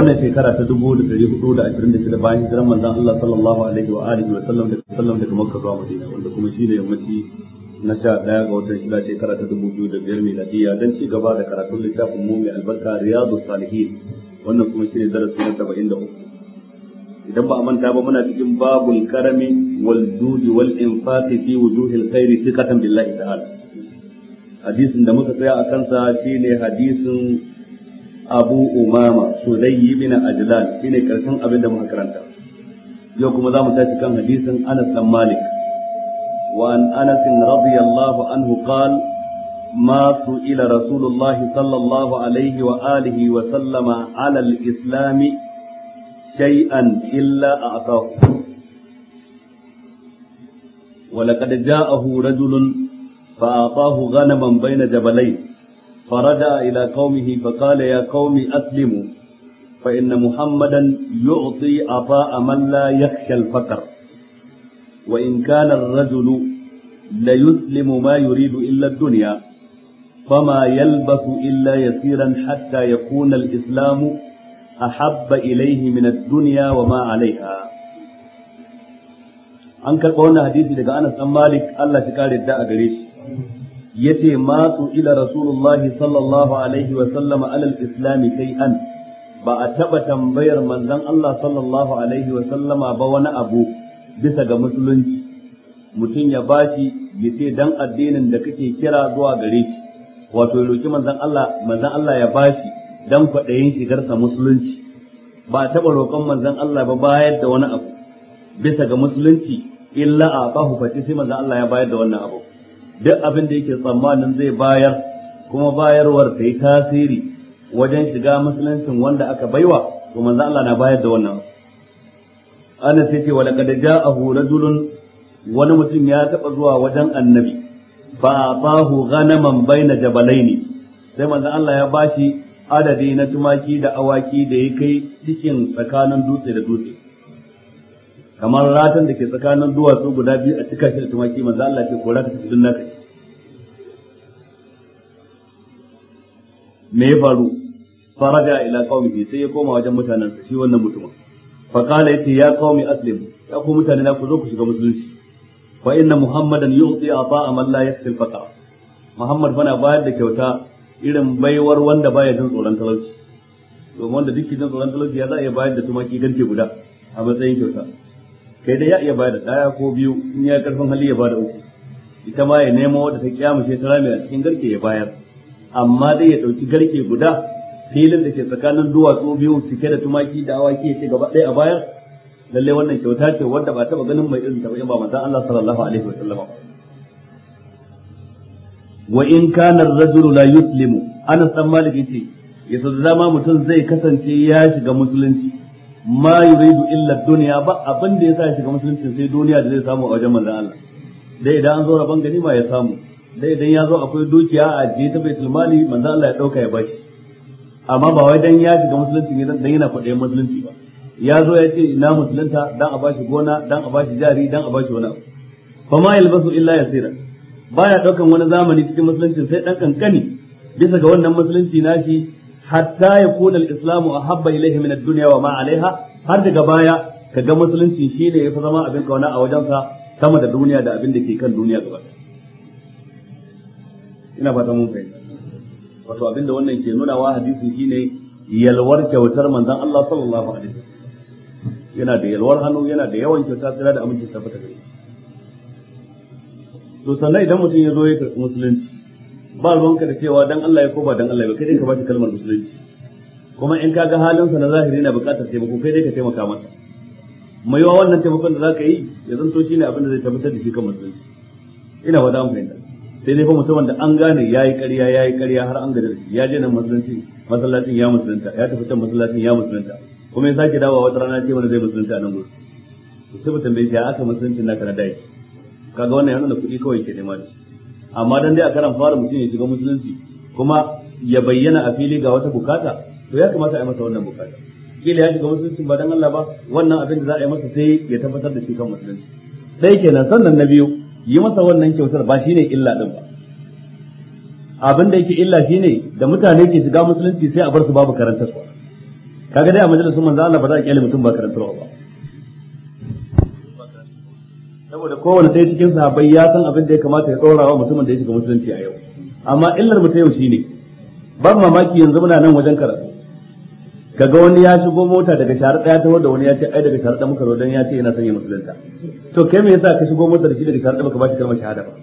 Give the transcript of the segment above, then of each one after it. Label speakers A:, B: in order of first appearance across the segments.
A: wannan shekara ta dubu da dari hudu da ashirin da shida bayan hijiran manzon Allah sallallahu alaihi wa alihi wa sallam daga sallam daga Makka zuwa Madina wanda kuma shi ne yammaci na sha daya ga watan shida shekara ta dubu biyu da biyar miladiyya dan ci gaba da karatun littafin mu mai albarka Riyadu Salihin wannan kuma shi ne darasi na saba'in da uku idan ba a manta ba muna cikin babul karami wal judi wal infaqi fi wujuhil khairi thiqatan billahi ta'ala hadisin da muka tsaya a kansa shine hadisin abu umama sulayyi bin ajlan shine karshen abin da muka yau kuma zamu tashi kan hadisin anas da malik wa an anas radiyallahu anhu qal ma su'ila rasulullah sallallahu alaihi wa alihi wa sallama ala al-islam shay'an illa a'tahu ولقد جاءه رجل فأعطاه غنما بين جبلين فرجع إلى قومه فقال يا قوم أسلموا فإن محمدا يعطي عطاء من لا يخشى الفقر وإن كان الرجل ليسلم ما يريد إلا الدنيا فما يلبث إلا يسيرا حتى يكون الإسلام أحب إليه من الدنيا وما عليها an karɓa wannan hadisi daga Anas ɗan Malik Allah shi kare da a gare shi yace ma su ila rasulullahi sallallahu alaihi wa sallama alal islami shay'an ba a taba tambayar manzon Allah sallallahu alaihi wa sallama ba wani abu bisa ga
B: musulunci
A: mutum ya bashi yace dan addinin da kake kira zuwa gare shi wato roki manzon Allah manzon Allah ya bashi dan kwaɗayin shigarsa musulunci ba a taɓa roƙon manzon Allah ba bayar da wani abu bisa ga musulunci illa a bahu face sai manzon Allah ya bayar da wannan abu duk abin da yake tsammanin zai bayar kuma bayarwar ta yi tasiri wajen shiga musuluncin wanda aka baiwa to manzo Allah na bayar da wannan ana sai ce kad ja'ahu rajulun wani mutum ya taba zuwa wajen annabi fa atahu ghanaman baina jabalaini sai manzo Allah ya bashi adadi na tumaki da awaki da ya kai cikin tsakanin dutse da dutse
B: kamar ratan
A: da ke tsakanin duwatsu guda biyu a cika shi da tumaki manzo Allah ce ko raka cikin naka me ya faru faraja ila qaumihi sai ya koma wajen mutanen shi wannan mutumin fa qala yati ya qaumi aslimu ya ku mutane na ku zo ku shiga musulunci fa inna muhammadan yu'ti ata'a man la yakhsha al muhammad bana bayar da kyauta irin baiwar wanda baya jin tsoron talauci domin wanda duk jin tsoron talauci ya za a iya bayar da tumaki garke guda a matsayin kyauta kai dai ya iya bayar da daya ko biyu in ya karfin hali ya bada uku ita ma ya nemo wadda ta sai ta rame a cikin garke ya bayar amma dai ya ɗauki garke guda filin da ke tsakanin duwatsu biyu cike da tumaki da awaki ya ce gaba ɗaya a bayar lallai wannan kyauta ce wadda ba taɓa ganin mai irin ta ba manzon Allah sallallahu alaihi wa sallam wa in kana ar-rajulu la yuslimu Anas dan Malik yace yasa da dama mutum zai kasance ya shiga musulunci ma yuridu illa dunya ba abin da yasa ya shiga musulunci sai duniya da zai samu a wajen manzon Allah dai idan an zo rabon ganima ya samu dai idan ya zo akwai dukiya a ajiye ta baitul mali manzo Allah ya dauka ya bashi amma ba wai dan ya shiga musulunci ne dan yana kwaɗayin musulunci ba ya zo ya ce ina musulunta dan a bashi gona dan a bashi jari dan a bashi wani abu fa ma yalbasu illa yasira baya daukan wani zamani cikin musulunci sai dan kankani bisa ga wannan musulunci nashi hatta ya kuna al-islamu ahabba ilayhi min ad-dunya wa ma 'alayha har daga baya kaga musulunci shine fi zama abin kauna a wajensa sama da duniya da abin da ke kan duniya gaba ɗaya ina fata mun fahimta wato abinda wannan ke nuna wa hadisi shine yalwar kyautar manzon Allah sallallahu alaihi wasallam yana da yalwar hannu yana da yawan kyauta tsira da aminci tabbata gare shi to sannan idan mutum ya zo ya karɓi musulunci ba ruwanka da cewa dan Allah ya ko ba dan Allah ba kai dai ka bashi kalmar musulunci kuma in ka ga halinsa na zahiri na buƙatar taimako kai dai ka taimaka masa mai yawa wannan taimakon da za ka yi ya zanto shi ne abin da zai tabbatar da shi kan musulunci ina wada mun fahimta sai dai fa mutumin da an gane yayi ƙarya yayi ƙarya har an gare ya je nan musulunci masallacin ya musulunta ya tafi can masallacin ya musulunta kuma ya sake dawowa wata rana ce wanda zai musulunta nan gurin sai mutum bai ya aka musulunci na kana dai kaga wannan yana da kuɗi kawai ke nema da shi amma dan dai a karan fara mutum ya shiga musulunci kuma ya bayyana a fili ga wata bukata to ya kamata a yi masa wannan bukata kila ya shiga musulunci ba dan Allah ba wannan abin da za a yi masa sai ya tabbatar da shi kan musulunci dai kenan sannan na biyu yi masa wannan kyautar ba shine illa din ba abin da yake illa ne da mutane ke shiga musulunci sai a bar su babu karantarwa kaga dai a majalisun manzo Allah ba za a kyale mutum ba karantarwa ba saboda kowane ɗaya cikin sahabbai ya san abin da ya kamata ya ɗora wa mutumin da ya shiga musulunci a yau amma illar mu ta yau ne, ban mamaki yanzu muna nan wajen karatu kaga wani ya shigo mota daga shahar daya ta da wani ya ce ai daga shahar muka zo ya ce yana son ya musulunta to kai me yasa ka shigo mota da shi daga shahar baka bashi kalmar shahada ba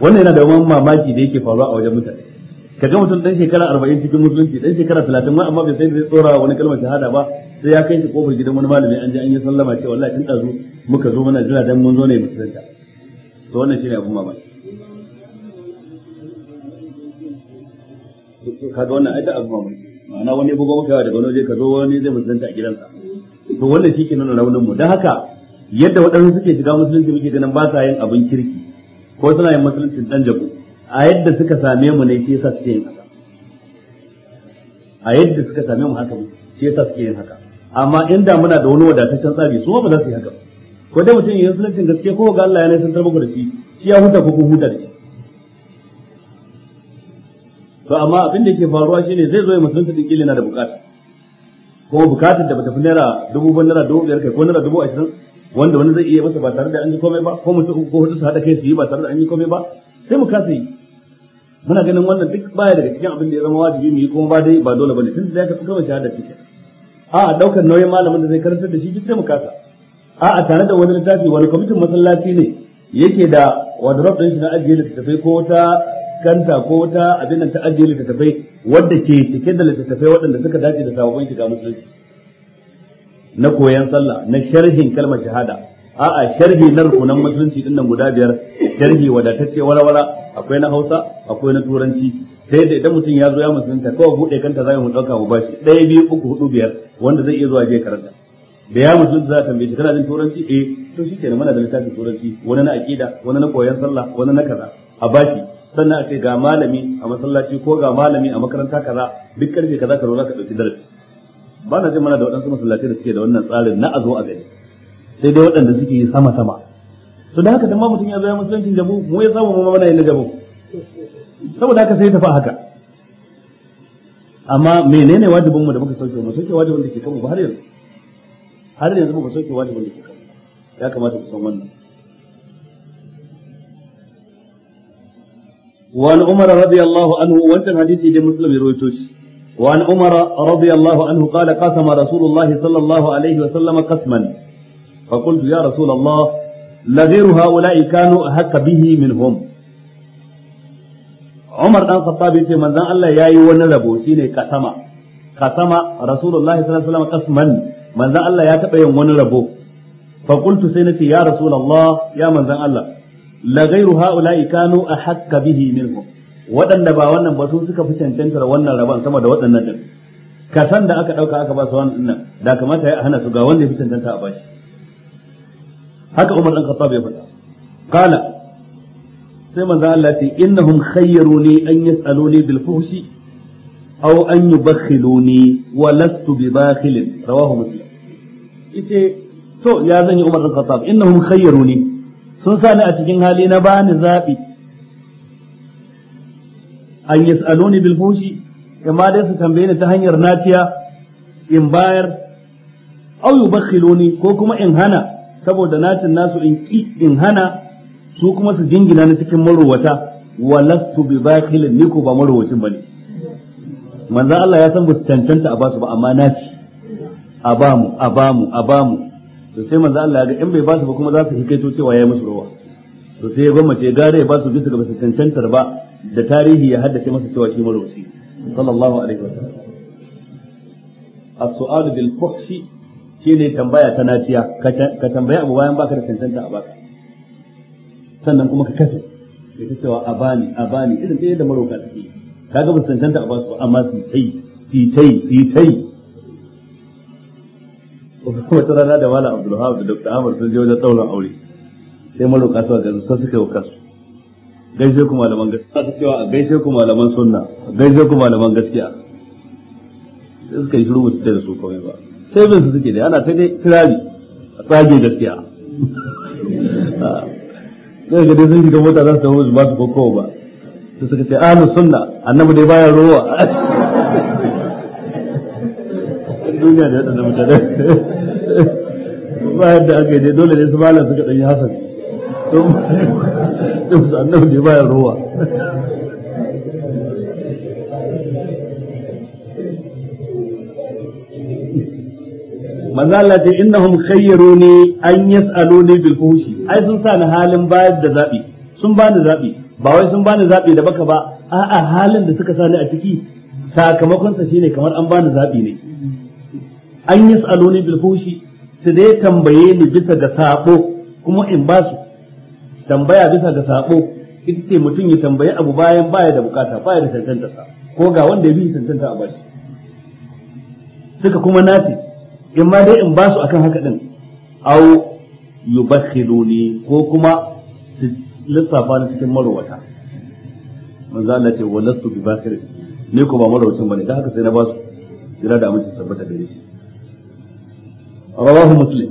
A: wannan yana da wani mamaki da yake faruwa a wajen mutane kaga mutum dan shekara 40 cikin musulunci dan shekara 30 ma amma bai sai zai tsora wani kalmar shahada ba sai ya kai shi kofar gidan wani malami an je an yi sallama ce wallahi tun dazu muka zo muna jira dan mun zo ne musulunta to wannan shine abun mamaki kaga wannan ai da abun mamaki ma'ana wani ya bugo kawai daga waje ka zo wani zai musulunta a gidansa to wannan shi ke nuna raunin mu don haka yadda waɗansu suke shiga musulunci muke ganin ba sa yin abin kirki ko suna yin musulunci dan jabu a yadda suka same mu ne shi yasa suke yin haka a yadda suka same mu haka shi yasa suke yin haka amma inda muna da wani wadataccen tsari su ba za su yi haka ko dai mutum ya yi musuluncin gaske ko ga Allah ya nisantar muku da shi shi ya huta ko kun huta da shi to amma abin da ke faruwa shine zai zo ya musulunta din kila yana da bukata ko bukatar da bata fi naira dubu ban naira dubu biyar kai ko naira dubu ashirin wanda wani zai iya masa ba tare da an yi komai ba ko mutum ko hudu su haɗa kai su yi ba tare da an yi komai ba sai mu kasa yi muna ganin wannan duk baya daga cikin abin da ya zama wajibi mu yi kuma ba dai ba dole bane tun da ya kafa kama shahada shi a daukar nauyin malamin da zai karantar da shi duk sai mu kasa a a tare da wani littafi wani kwamitin masallaci ne yake da wadrop din shi na ajiye littattafai ko ta kanta ko wata abin da ta ajiye littattafai wadda ke cike da littattafai waɗanda suka dace da sababbin shiga musulunci na koyan sallah na sharhin kalmar shahada a'a sharhi na rukunan musulunci din nan guda biyar sharhi wadatacce walawala akwai na Hausa akwai na Turanci sai da idan mutum ya zo ya musulunta kawai buɗe kanta za mu ɗauka mu bashi ɗaya biyu uku huɗu biyar wanda zai iya zuwa je karanta da ya mutum za a tambaye shi kana jin turanci eh to shikenan mana da littafin turanci wani na aqida wani na koyan sallah wani na kaza a bashi sannan a ce ga malami a masallaci ko ga malami a makaranta kaza duk karfe kaza ka zo ka dauki darasi ba na jin mana da waɗansu masallatai da suke da wannan tsarin na a zo a gani sai dai waɗanda suke yi sama sama to da haka dan ma mutum ya zo ya musuluncin jabu mu ya samu mu mana yin jabu saboda haka sai ya tafi haka amma menene wajibin mu da muka sauke mu sauke wajibin da ke kanmu ba har yanzu har yanzu muka sauke wajibin da ke kanmu ya kamata ku san wannan وعن عمر رضي الله عنه وانت الحديث دي مسلم يرويتوش وعن عمر رضي الله عنه قال قسم رسول الله صلى الله عليه وسلم قسما فقلت يا رسول الله لغير هؤلاء كانوا أحق به منهم عمر بن الخطاب يقول من ذا الله ياي ونربو شيني قسما قسما رسول الله صلى الله عليه وسلم قسما من ذا الله يا تبين ونربو فقلت سينتي يا رسول الله يا من ذا الله la ghayru ha'ula'i kanu ahaqqa bihi minhum waɗanda ba wannan ba su suka fi cancantar wannan rabon sama da waɗannan din san da aka ɗauka aka ba su wannan din da kamata ya hana su ga wanda ya fi cancanta a bashi haka Umar dan Khattab ya faɗa qala sai manzo Allah ce innahum khayyaruni an yas'aluni bil fuhshi aw an yubakhiluni wa lastu bi bakhilin rawahu muslim yace to ya zanyi Umar dan Khattab innahum khayyaruni sun sani a cikin hali na bani zaɓi an yas'aluni bil fushi imma dai su tambaye ni ta hanyar naciya in bayar aw yubakhiluni ko kuma in hana saboda nacin nasu in ki in hana su kuma su jingina ni cikin marowata walastu bi bakhilin ni ko ba marowacin bane manzo Allah ya san ba su cancanta a basu ba amma naci a bamu a bamu a bamu to sai manzo Allah ya ga in bai ba su ba kuma za su hikaito cewa yayi musu rowa to sai ya gwammace gare ya ba su bisa ga basu cancantar ba da tarihi ya haddace masa cewa shi marwaci sallallahu alaihi wasallam as-su'al bil fuhshi shine tambaya ta naciya ka tambaya abu bayan baka da cancanta a baka sannan kuma ka kafe ita cewa a bani a bani irin da maroka take kaga ba su cancanta a basu ba amma su tai su tai su tai kuma ta rana da malam abdulhab da dr ahmad sun je wajen ɗaurin aure sai maroka Kasuwa a gaisu sai suka yi kasu gaishe ku malaman gaskiya ta cewa a gaishe ku malaman sunna a gaishe ku malaman gaskiya sai suka yi shiru ba su ce da su kawai ba sai bin su suke da ana ta dai kirari a tsage gaskiya Sai ga dai sun shiga mota za su tafi ba su kokowa ba sai suka ce ahlus sunna annabi dai baya rowa
B: duniya da waɗannan
A: mutane ba yadda aka yi dai dole ne su malam suka ɗanyi hasan
B: don su annabi ne bayan ruwa
A: manzo Allah ce innahum khayyaruni an yas'aluni bil fuhshi ai sun sa ni halin bayar da zabi sun bani zabi ba wai sun bani zabi da baka ba a'a halin da suka sani a ciki sakamakon sa shine kamar an bani zabi ne an yi bil bilfushi, su dai tambaye ni bisa ga sabo kuma in ba su tambaya bisa ga sabo ita ce mutum ya tambayi abu bayan baya da bukata baya da tantanta sa ko ga wanda ya bi tantanta a shi suka kuma nace in ma dai in ba su akan haka din au yubakhiluni ko kuma su lissafa ni cikin marowata manzo Allah ce walastu bi bakhir ni ko ba marwacin bane dan haka sai na ba su jira da amince tabbata gare shi rawahu muslim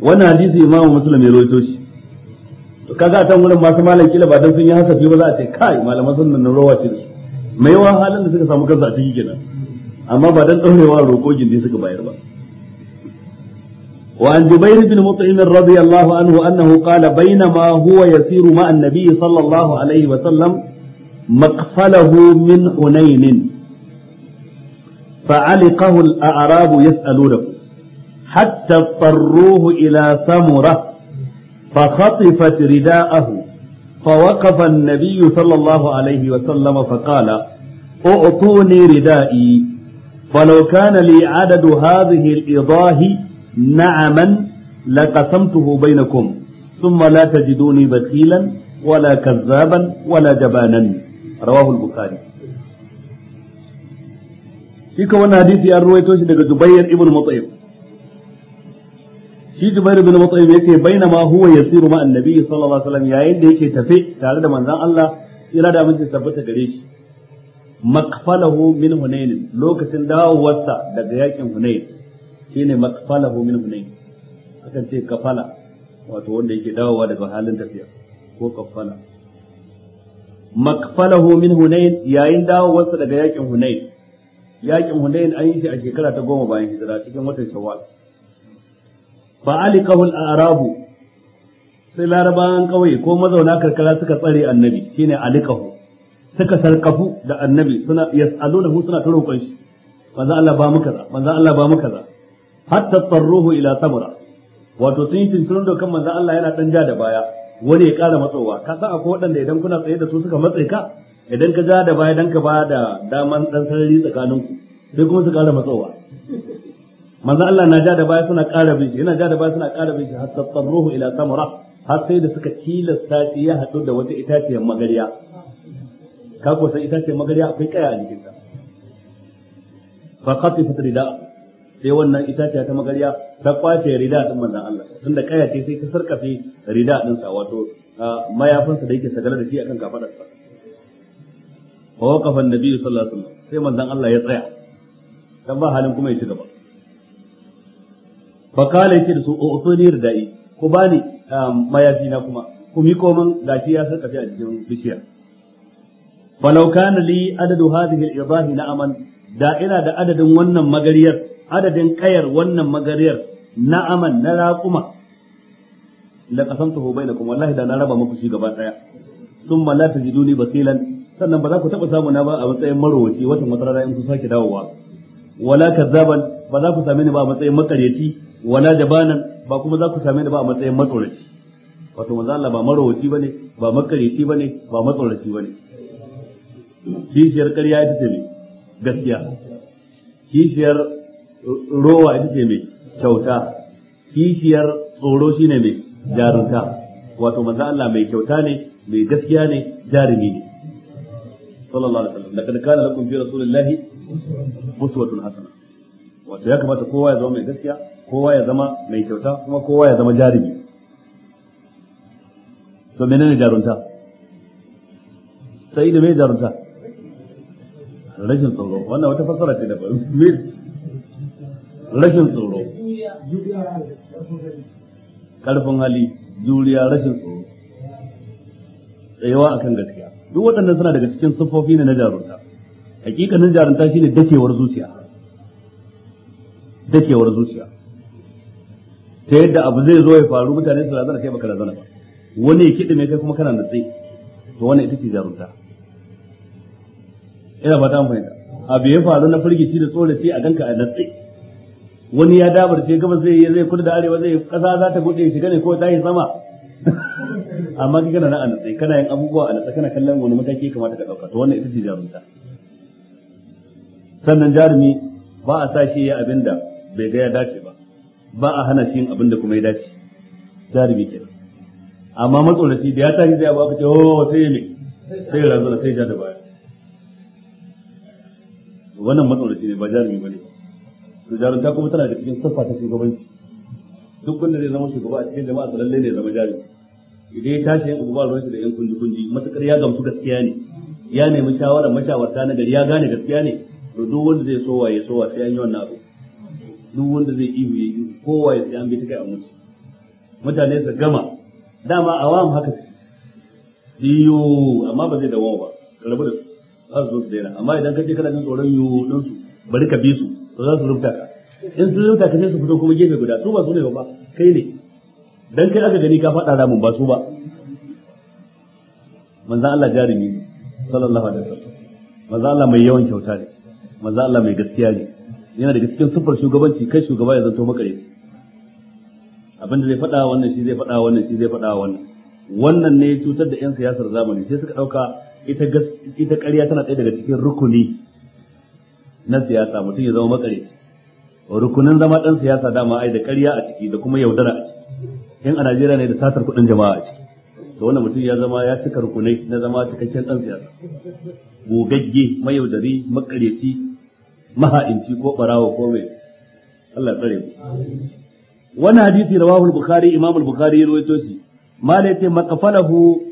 A: wannan hadisi imamu muslim ya rawaito shi to kaga a can wurin masu malam kila ba dan sun yi hasafi ba za a ce kai malaman sunan nan rawa da su mai yawa halin da suka samu kansu a ciki kenan amma ba dan daurewa roko gindi suka bayar ba وعن جبير بن مطعم رضي الله عنه أنه قال بينما هو يسير مع النبي صلى الله عليه وسلم مقفله من حنين فعلقه الأعراب يسألونه حتى اضطروه إلى ثمرة فخطفت رداءه فوقف النبي صلى الله عليه وسلم فقال أعطوني ردائي فلو كان لي عدد هذه الإضاه نعما لقسمته بينكم ثم لا تجدوني بخيلا ولا كذابا ولا جبانا رواه البخاري shi ka wannan hadisi an ruwaito shi daga Zubair ibn Mut'im shi Jubair bin Mut'im yace bainama huwa yasiru ma annabi sallallahu alaihi wasallam yayin da yake tafe tare da manzon Allah ila da mace tabbata gare shi makfalahu min hunain lokacin dawowarsa daga yakin hunain shine makfalahu min hunain akan ce kafala wato wanda yake dawowa daga halin tafiya ko kafala makfalahu min hunain yayin dawowarsa daga yakin hunain yakin hunain an yi shi a shekara ta goma bayan hijira cikin watan shawwal fa aliqahu al-arabu sai larabawan kawai ko mazauna karkara suka tsare annabi shine alikahu suka sarkafu da annabi suna yas'alunahu suna ta roƙon shi manzo Allah ba mu kaza manzo Allah ba mu kaza hatta tarruhu ila samura wato sun yi da kan manzo Allah yana dan ja da baya wani ya ƙara matsowa ka san akwai waɗanda idan kuna tsaye da su suka matse ka idan ka ja da baya dan ka ba da daman dan sarari tsakaninku sai kuma su ƙara matsowa manzo Allah na ja da baya suna ƙara bin shi yana ja da baya suna ƙara bin shi har tsarruhu ila samara har sai da suka tilasta shi ya haɗu da wata itaciyar magariya ka ko san itaciyar magariya akwai kaya a jikinta fa qatifat rida sai wannan itaciya ta magariya ta kwace rida din manzon Allah tunda kaya ce sai ta sarkafe rida din sa wato mayafinsa da yake sagala da shi akan kafadarsa fa waqafa an-nabi sallallahu alaihi wasallam sai manzon Allah ya tsaya dan ba halin kuma ya ci gaba fa kala yace da su utuni oh, ridai ku bani um, mayafi na kuma ku mi komin gashi ya sarkafe a cikin bishiya falau kana li adadu hadhihi al-idahi na'aman da ina da adadin wannan magariyar adadin kayar wannan magariyar na'aman na raquma la qasamtuhu bainakum wallahi da na raba muku shi gaba daya thumma la tajiduni basilan sannan ba za ku taɓa samu na ba a matsayin marowaci watan wata rana in ku sake dawowa wala kazzaban ba za ku same ni ba a matsayin makaryaci wala jabanan ba kuma za ku same ni ba a matsayin matsoraci wato manzo Allah ba marowaci bane ba makarici bane ba matsoraci bane kishiyar ƙarya ita ce mai gaskiya kishiyar rowa ita ce mai kyauta kishiyar tsoro shine mai jarunta wato manzo Allah mai kyauta ne mai gaskiya ne jarumi ne sallallahu alaihi wasallam laqad kana lakum fi rasulillahi uswatun hasana wato ya kamata kowa ya zama mai gaskiya kowa ya zama mai kyauta kuma kowa ya zama jarumi to menene jarunta sai da mai jarunta rashin tsoro wannan wata fassara ce da ba rashin tsoro karfin hali juriya rashin tsoro tsayawa akan gaskiya duk waɗannan suna daga cikin siffofi ne na jarunta hakikanin jarunta shine dakewar zuciya dakewar zuciya ta yadda abu zai zo ya faru mutane su razana kai baka razana ba wani ya kiɗi mai kai kuma kana natsi to wannan ita ce jarumta. ina ba ta amfani abu ya faru na firgici da tsoraci a ganka a natsi wani ya dabarce gaba zai yi zai kudu da arewa zai kasa za ta gude shiga ne ko ta yi sama amma kai kana nan a natsi kana yin abubuwa a natsi kana kallon wani mataki ya kamata ka ɗauka to wannan ita ce jarumta. sannan jarumi ba a sa shi ya abin da bai ga ya dace ba ba a hana shi yin abin da kuma ya dace jarumi kenan amma matsoraci da ya tashi zai abu aka ce oh sai ne sai razana sai ja da baya wannan matsoraci ne ba jarumi ne. to ta kuma tana da cikin siffa ta shugabanci duk wanda zai zama shugaba a cikin jama'a lalle ne zama jarumi idan ya tashi yin abu ba ruwan shi da yan kunji kunji matakar ya gamsu gaskiya ne ya nemi shawarar mashawarta na gari ya gane gaskiya ne to duk wanda zai sowa ya sowa sai an yi wannan abu duk wanda zai ihu ya yi kowa ya tsaya an bi ta kai a mutu mutane su gama dama a wam haka su yi amma ba zai dawo ba rabu da za su zo su daina amma idan ka je kana jin tsoron yiwu don su bari ka bi su to za su rubuta ka in sun rubuta ka sai su fito kuma gefe guda su ba su ne ba kai ne dan kai aka gani ka faɗa ramin ba su ba manzan Allah jarumi sallallahu alaihi wasallam manzan Allah mai yawan kyauta ne manzan Allah mai gaskiya ne yana daga cikin siffar shugabanci kai shugaba ya zanto makareci abinda zai faɗa wannan shi zai faɗa wannan shi zai faɗa wannan wannan ne ya cutar da 'yan siyasar zamani sai suka ɗauka ita ƙarya tana ɗaya daga cikin rukuni na siyasa mutum ya zama makareci rukunin zama ɗan siyasa dama ai da ƙarya a ciki da kuma yaudara a ciki in a Najeriya ne da satar kuɗin jama'a a ciki to wannan mutum ya zama ya cika rukunai na zama cikakken ɗan siyasa gogagge mayaudari makareci maha'inci ko barawo ko mai Allah tsare mu wannan hadisi rawahu al-bukhari imam al-bukhari ya rawaito shi malai ce maqfalahu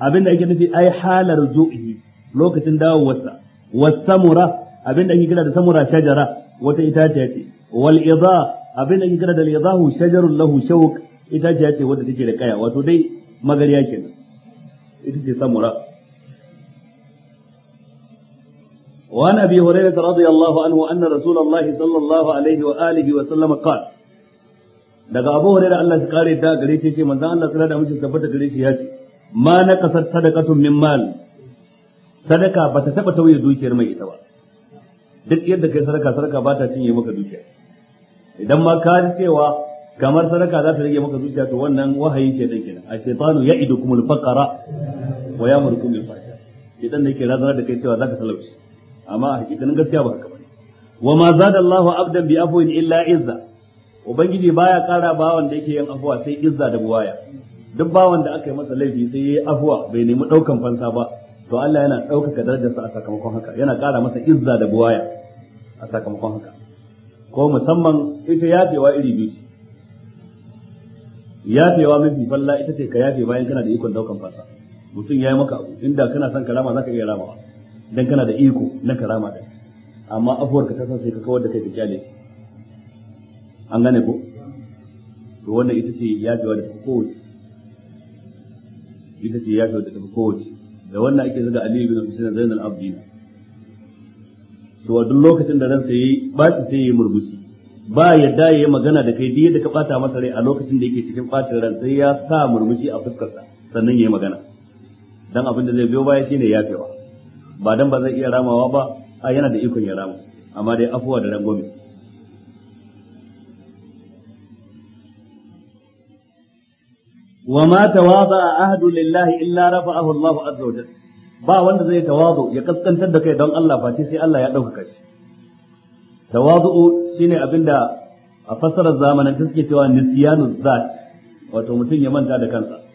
A: abinda ake nufi ai halar zu'i lokacin dawowarsa wasamura abinda ake kira da samura shajara wata itaciya ce wal idha abinda ake kira da al idahu shajarun lahu shawq itaciya ce wadda take da kaya wato dai magariya kenan ita ce samura وعن أبي هريرة رضي الله عنه أن رسول الله صلى الله عليه وآله وسلم قال daga abu hore da Allah shi kare ta gare shi ce manzon Allah sallallahu alaihi wasallam tabbata gare shi ya ce ma na kasar sadaqatun min mal sadaka ba ta taba tauye dukiyar mai ita ba duk yadda kai sadaka sadaka ba ta cinye maka dukiya idan ma ka ji cewa kamar sadaka za ta rage maka zuciya to wannan wahayi ce dan kenan a shaytanu ya'idukumul faqara wa ya'murukum bil fahsha idan ne ke razana da kai cewa zaka talauci amma a hakikanin gaskiya ba haka bane wa ma zada Allahu abdan bi afwin illa izza ubangiji baya kara ba wanda yake yin afwa sai izza da buwaya duk bawan da aka yi masa laifi sai yayi afwa bai nemi daukan fansa ba to Allah yana daukaka darajarsa a sakamakon haka yana kara masa izza da buwaya a sakamakon haka ko musamman ita yafewa iri biyu ce yafewa mafi falla ita ce ka yafe bayan kana da ikon daukan fansa mutum ya yi maka abu inda kana son ka rama za ka iya ramawa dan kana da iko na karama da amma afuwar ka ta san sai ka kawar da kai ka kyale shi an gane ko to wannan ita ce ya yafewa da kowace ita ce ya yafewa da kowace da wannan ake zaga Aliyu bin Husayn Zainal abdin to a duk lokacin da ransa yayi baci sai yayi murmushi ba yadda yayi magana da kai duk da ka bata masa rai a lokacin da yake cikin bacin ran sai ya sa murmushi a fuskarsa sannan yayi magana dan abin da zai biyo baya shine yafewa ba dan ba zai iya ramawa ba a yana da ikon ya rama amma dai afuwa da rangwame wa ma tawaza ahadu lillahi illa rafa'ahu Allah azza wa ba wanda zai tawazu ya kaskantar da kai don Allah face sai Allah ya dauka shi tawazu shine abinda a fasarar zamanin suke cewa nisyanu zat wato mutum ya manta da kansa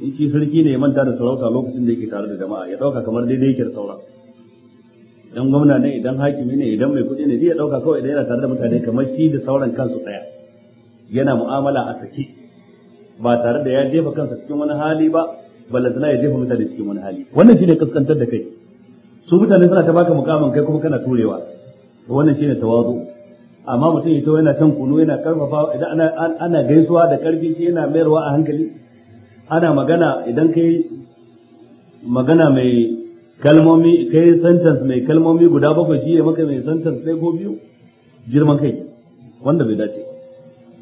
A: shi sarki ne ya manta da sarauta lokacin da yake tare da jama'a ya dauka kamar daidai yake da saura Dan gwamna ne idan hakimi ne idan mai kuɗi ne zai dauka kawai idan yana tare da mutane kamar shi da sauran kansu daya yana mu'amala a sake ba tare da ya jefa kansa cikin wani hali ba ballantana ya jefa mutane cikin wani hali wannan shine kaskantar da kai su mutane suna ta baka mukamin kai kuma kana turewa wannan shine tawazu amma mutum ya yana shan kunu yana karfafa idan ana gaisuwa da karfi shi yana mayarwa a hankali ana magana idan kai magana mai kalmomi kai sentence mai kalmomi guda bakwai shi ya maka mai sentence ɗaya ko biyu girman kai wanda bai dace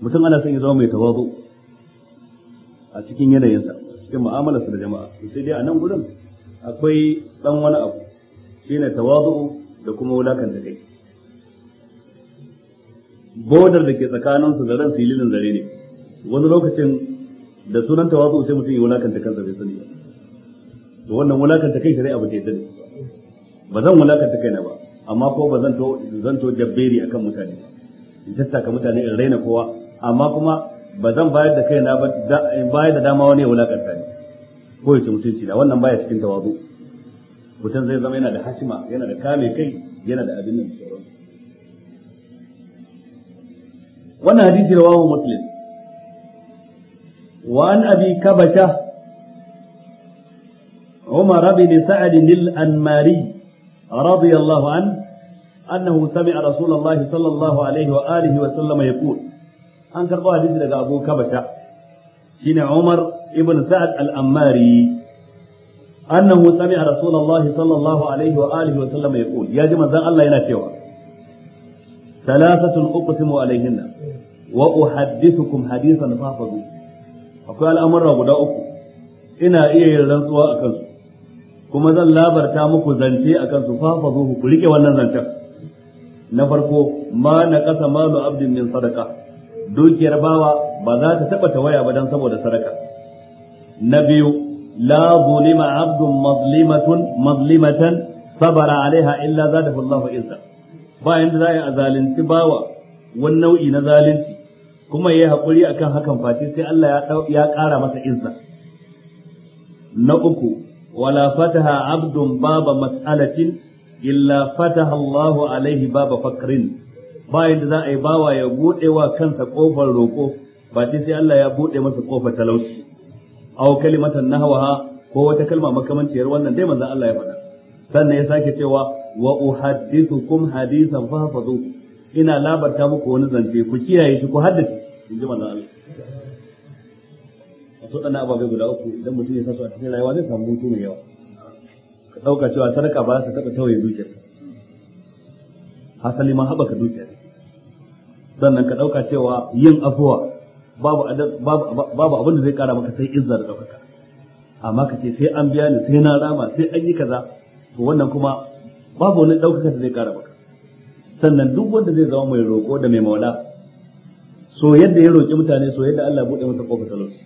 A: mutum ana son ya zama mai tawazu a cikin yanayinsa cikin mu'amalarsa da jama'a sai dai a nan gurin akwai dan wani abu shine tawazu da kuma da kai bodar da ke tsakaninsu da ran sililin zare ne wani lokacin da sunan tawazu sai mutum ya wulakanta kansa bai sani ba to wannan wulakanta kai shari'a ba ta yadda ba zan wulakanta kaina ba amma ko ba zan to zan to jabberi akan mutane in tattaka mutane in raina kowa amma kuma ba zan bayar da kaina ba bayar da dama wani ya wulakanta ni ko ya ci mutunci da wannan baya cikin tawazu mutum zai zama yana da hashima yana da kame kai yana da abin nan wannan hadisi rawahu muslim وعن أبي كبشة عمر بن سعد الأنماري رضي الله عنه أنه سمع رسول الله صلى الله عليه وآله وسلم يقول أنك قال حديث لك أبو كبشة شين عمر ابن سعد الأنماري أنه سمع رسول الله صلى الله عليه وآله وسلم يقول يا جماعة الله ينشيوا ثلاثة أقسم عليهن وأحدثكم حديثا فاحفظوه akwai al'amura guda uku ina iya yin rantsuwa a kansu kuma zan labarta muku zance a kansu zuhu, ku rike wannan zancen na farko ma na kasa malu abdin min sadaka dukiyar bawa ba za ta taba tawaya ba dan saboda sadaka na biyu la zulima abdun mazlimatun mazlimatan sabara alaiha illa zadahu Allahu izza ba yanda za a zalunci bawa wani nau'i na zalunci kuma ya yayi hakuri akan hakan face sai Allah ya ƙara masa izza na uku wala fataha abdun baba mas'alatin illa fataha Allahu alaihi baba fakrin ba da za a yi bawa ya bude wa kansa kofar roko face sai Allah ya buɗe masa kofar talauci aw kalimatan nahwaha ko wata kalma makamanciyar wannan dai manzon Allah ya faɗa sannan ya sake cewa wa uhaddithukum hadithan fahfadhu ina labarta muku wani zance ku kiyaye shi ku haddace shi in ji manzon Allah Wasu dana ababai guda uku idan mutum ya sasu a cikin rayuwa zai samu hutu mai yawa ka dauka cewa sadaka ba za ta taba tawaye dukiyar hasali ma haɓaka dukiyar sannan ka dauka cewa yin afuwa babu babu abin da zai kara maka sai izza da ɗaukaka. amma ka ce sai an biya ni sai na rama sai an yi kaza to wannan kuma babu wani daukaka da zai kara maka sannan duk wanda zai zama mai roƙo da mai maula so yadda ya roƙi mutane so yadda Allah buɗe masa kofar talauci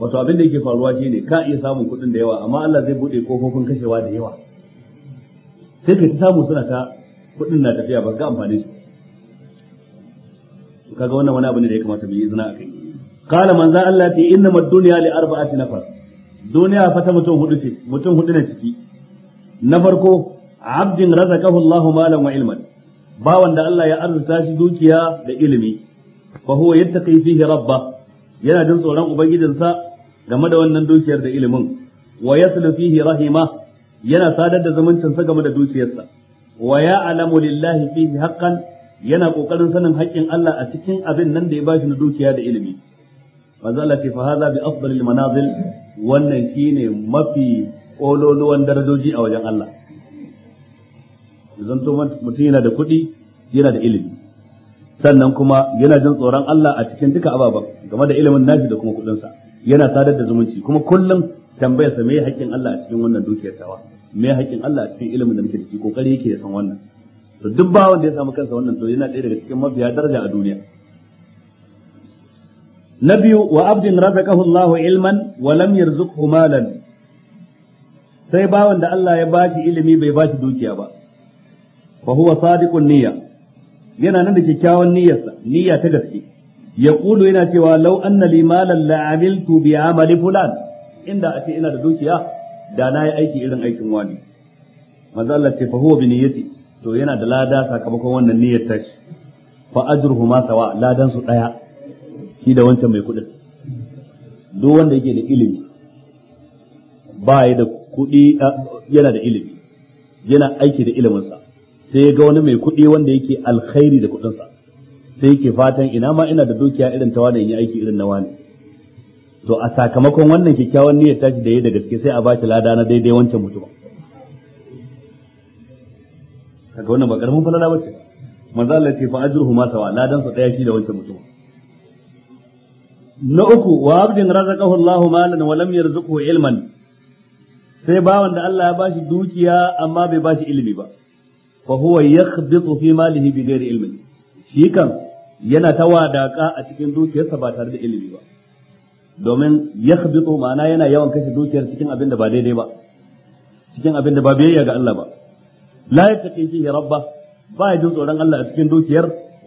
A: wato abin da yake faruwa shine ka iya samun kuɗin da yawa amma Allah zai buɗe kofofin kashewa da yawa sai ka ta samu suna ta kuɗin na tafiya ba ga amfani su kaga wannan wani abu ne da ya kamata mu yi izina akai qala manzan Allah ta inna ad-dunya li arba'ati nafar duniya fa ta mutum hudu ce mutum hudu ne ciki na farko abdin razaqahu Allahu malan wa ilman bawan da Allah ya arzuta shi dukiya da ilimi fa huwa yattaqi yana jin tsoron ubangijinsa game da wannan dukiyar da ilimin wa yaslu fihi rahima yana sadar da zumuncinsa game da dukiyarsa wa ya'lamu lillahi fihi haqqan yana kokarin sanin haƙƙin Allah a cikin abin nan da ya bashi na dukiya da ilimi manzo Allah ce fa hadha bi afdalil manazil wannan shine mafi kololuwan darajoji a wajen Allah zanto mutum yana da kuɗi yana da ilimi sannan kuma yana jin tsoron Allah a cikin duka ababen game da ilimin nashi da kuma kuɗinsa yana sadar da zumunci kuma kullum tambayarsa me haƙƙin Allah a cikin wannan dukiyar tawa me haƙƙin Allah a cikin ilimin da nake da shi kokari yake ya san wannan to duk bawon da ya samu kansa wannan to yana ɗaya daga cikin mafiya daraja a duniya na biyu wa abdin razaqahu Allah ilman wa lam yarzuqhu malan sai bawan da Allah ya bashi ilimi bai bashi dukiya ba fa Sadikun niyya yana nan da kyakkyawan niyyarsa niyya ta gaske yaqulu yana cewa lau anna li malan la amiltu bi amali fulan inda a ce ina da dukiya da na yi aiki irin aikin wani manzo Allah ce fa huwa bi niyyati to yana da lada sakamakon wannan niyyar tashi fa ajruhuma sawa ladan su daya shi da wancan mai kudin duk wanda yake da ilimi ba ya da kudi yana da ilimi yana aiki da iliminsa sai ya ga wani mai kuɗi wanda yake alkhairi da kuɗinsa sai yake fatan ina ma ina da dukiya irin ta wani in yi aiki irin na wani to a sakamakon wannan kyakkyawan niyyar tashi da yi da gaske sai a ba shi lada na daidai wancan mutumin kaga wannan ba karamin falala bace manzo Allah ce fa ajruhu ma sawa ladan su daya shi da wancan mutum na uku wa abdin razaqahu Allah malan wa lam yarzuqhu ilman sai bawan da Allah ya bashi dukiya amma bai bashi ilimi ba fa huwa yakhbitu fi malihi bi ghairi ilmin shi kan yana ta wadaka a cikin dukiyarsa ba tare da ilimi ba domin yakhbitu ma'ana yana yawan kashe dukiyar cikin abin da ba daidai ba cikin abin da ba biyayya ga Allah ba la yattaqi fihi rabba ba ya jin tsoron Allah a cikin dukiyar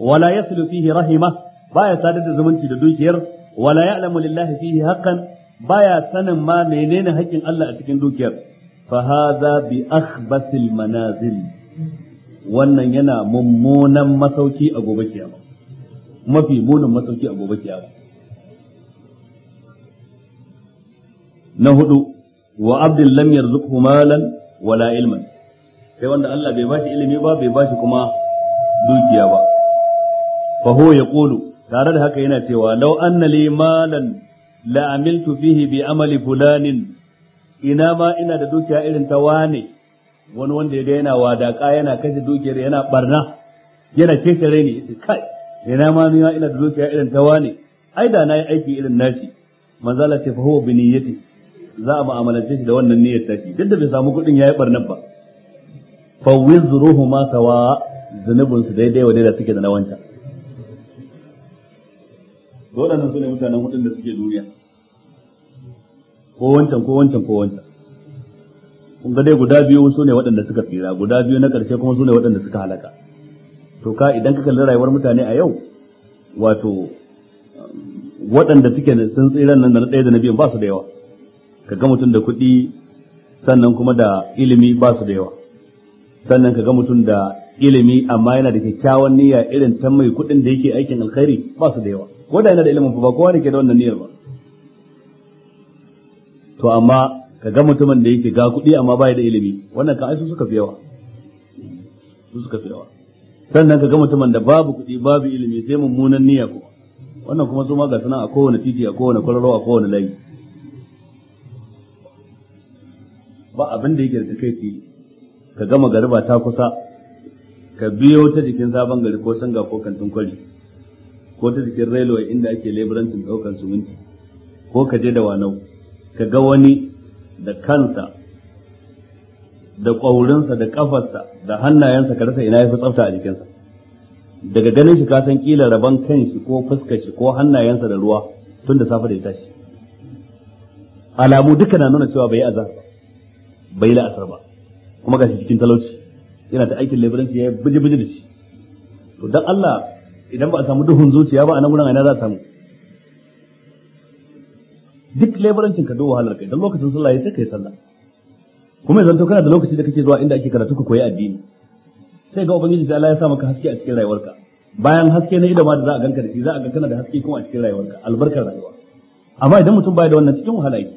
A: wala yaslu fihi rahima ba ya sadar da zumunci da dukiyar wala ya'lamu lillahi fihi haqqan baya sanin ma menene haƙƙin Allah a cikin dukiyar fa hadha bi akhbasil manazil wannan yana mummunan masauki a gobe kiyama mafi munin masauki a gobe kiyama na hudu wa abdin lam yarzuqhu malan wala ilman sai wanda Allah bai bashi ilimi ba bai bashi kuma dukiya ba fa huwa yaqulu tare da haka yana cewa law anna li malan la amiltu fihi bi amali fulanin ina ma ina da dukiya irin ta wane wani wanda ya ga yana wadaka yana kashe dukiyar yana barna yana rai ne yace kai ina ma ni ina da dukiya irin ta ne? ai da nayi aiki irin nashi manzo Allah ce fa huwa bi niyyati za a mu'amalance shi da wannan niyyar tashi duk da bai samu kuɗin yayi barnan ba fa wizruhu ma sawa zanubun su daidai wa da suke da na wancan waɗannan su ne mutanen hudun da suke duniya ko wancan ko wancan ko wancan kun ga dai guda biyu su ne waɗanda suka tsira guda biyu na ƙarshe kuma su ne waɗanda suka halaka to ka idan ka kalli rayuwar mutane a yau wato waɗanda suke sun tsira nan da na ɗaya da na biyun ba su da yawa ka ga mutum da kuɗi sannan kuma da ilimi ba su da yawa sannan ka ga mutum da ilimi amma yana da kyakkyawan niyya irin ta mai kuɗin da yake aikin alkhairi ba su da yawa ko da yana da ilimin ba kowa ne ke da wannan niyyar ba to amma ka ga mutumin da yake ga kuɗi amma baya da ilimi wannan ka aisu suka fi yawa su suka fi yawa sannan ka ga mutumin da babu kuɗi babu ilimi sai mummunan niyya kuma wannan kuma su ma ga suna a kowane titi a kowane kwararo a kowane layi ba abin da yake da kai takaici ka gama gariba ta kusa ka biyo ta jikin sabon gari ko sanga ko kantin kwari ko ta jikin railway inda ake leburancin ɗaukar suminti ko ka je da wanau ka ga wani da kansa da ƙwaurinsa da ƙafarsa da hannayensa ka rasa ina ya fi tsafta a jikinsa daga ganin shi ka san kila rabon kanshi ko fuskar shi ko hannayensa da ruwa tun da safe da ya tashi alamu duka na nuna cewa bai azar bai la'asar ba kuma ga shi cikin talauci yana ta aikin labiranci ya yi biji biji da shi to dan Allah idan ba a samu duhun zuciya ba a nan gurin ina za a samu duk lebarancin ka duk wahalar kai dan lokacin sallah sai kai sallah kuma yanzu kana da lokaci da kake zuwa inda ake karatu ka koyi addini sai ga ubangiji da Allah ya sa maka haske a cikin rayuwarka bayan haske na ido ma da za a ganka da shi za a ga kana da haske kuma a cikin rayuwarka albarkar rayuwa amma idan mutum baya da wannan cikin wahala yake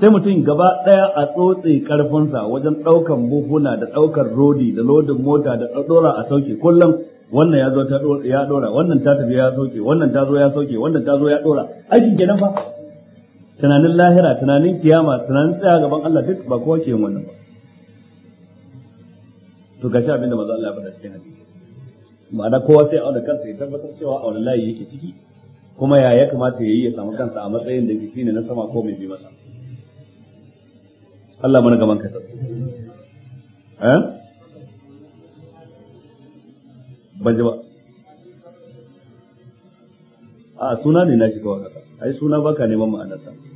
A: sai mutum gaba daya a tsotse karfinsa wajen daukan buhuna da daukar rodi da lodin mota da dora a sauke kullum wannan ya zo ta ya dora wannan ta tafi ya sauke wannan ta zo ya sauke wannan ta zo ya dora aikin kenan fa tunanin lahira tunanin kiyama tunanin tsaya gaban Allah duk ba kowa ke yin wannan ba to gashi abinda manzo Allah ya faɗa cikin hadisi ma'ana kowa sai auna kansa ya tabbatar cewa auna layi yake ciki kuma ya ya kamata ya yi ya samu kansa a matsayin da yake shine na sama ko mai bi masa Allah mana gaban ka
B: eh
A: ban ji ba a suna ne na shiga wa ai suna baka neman ma'anarsa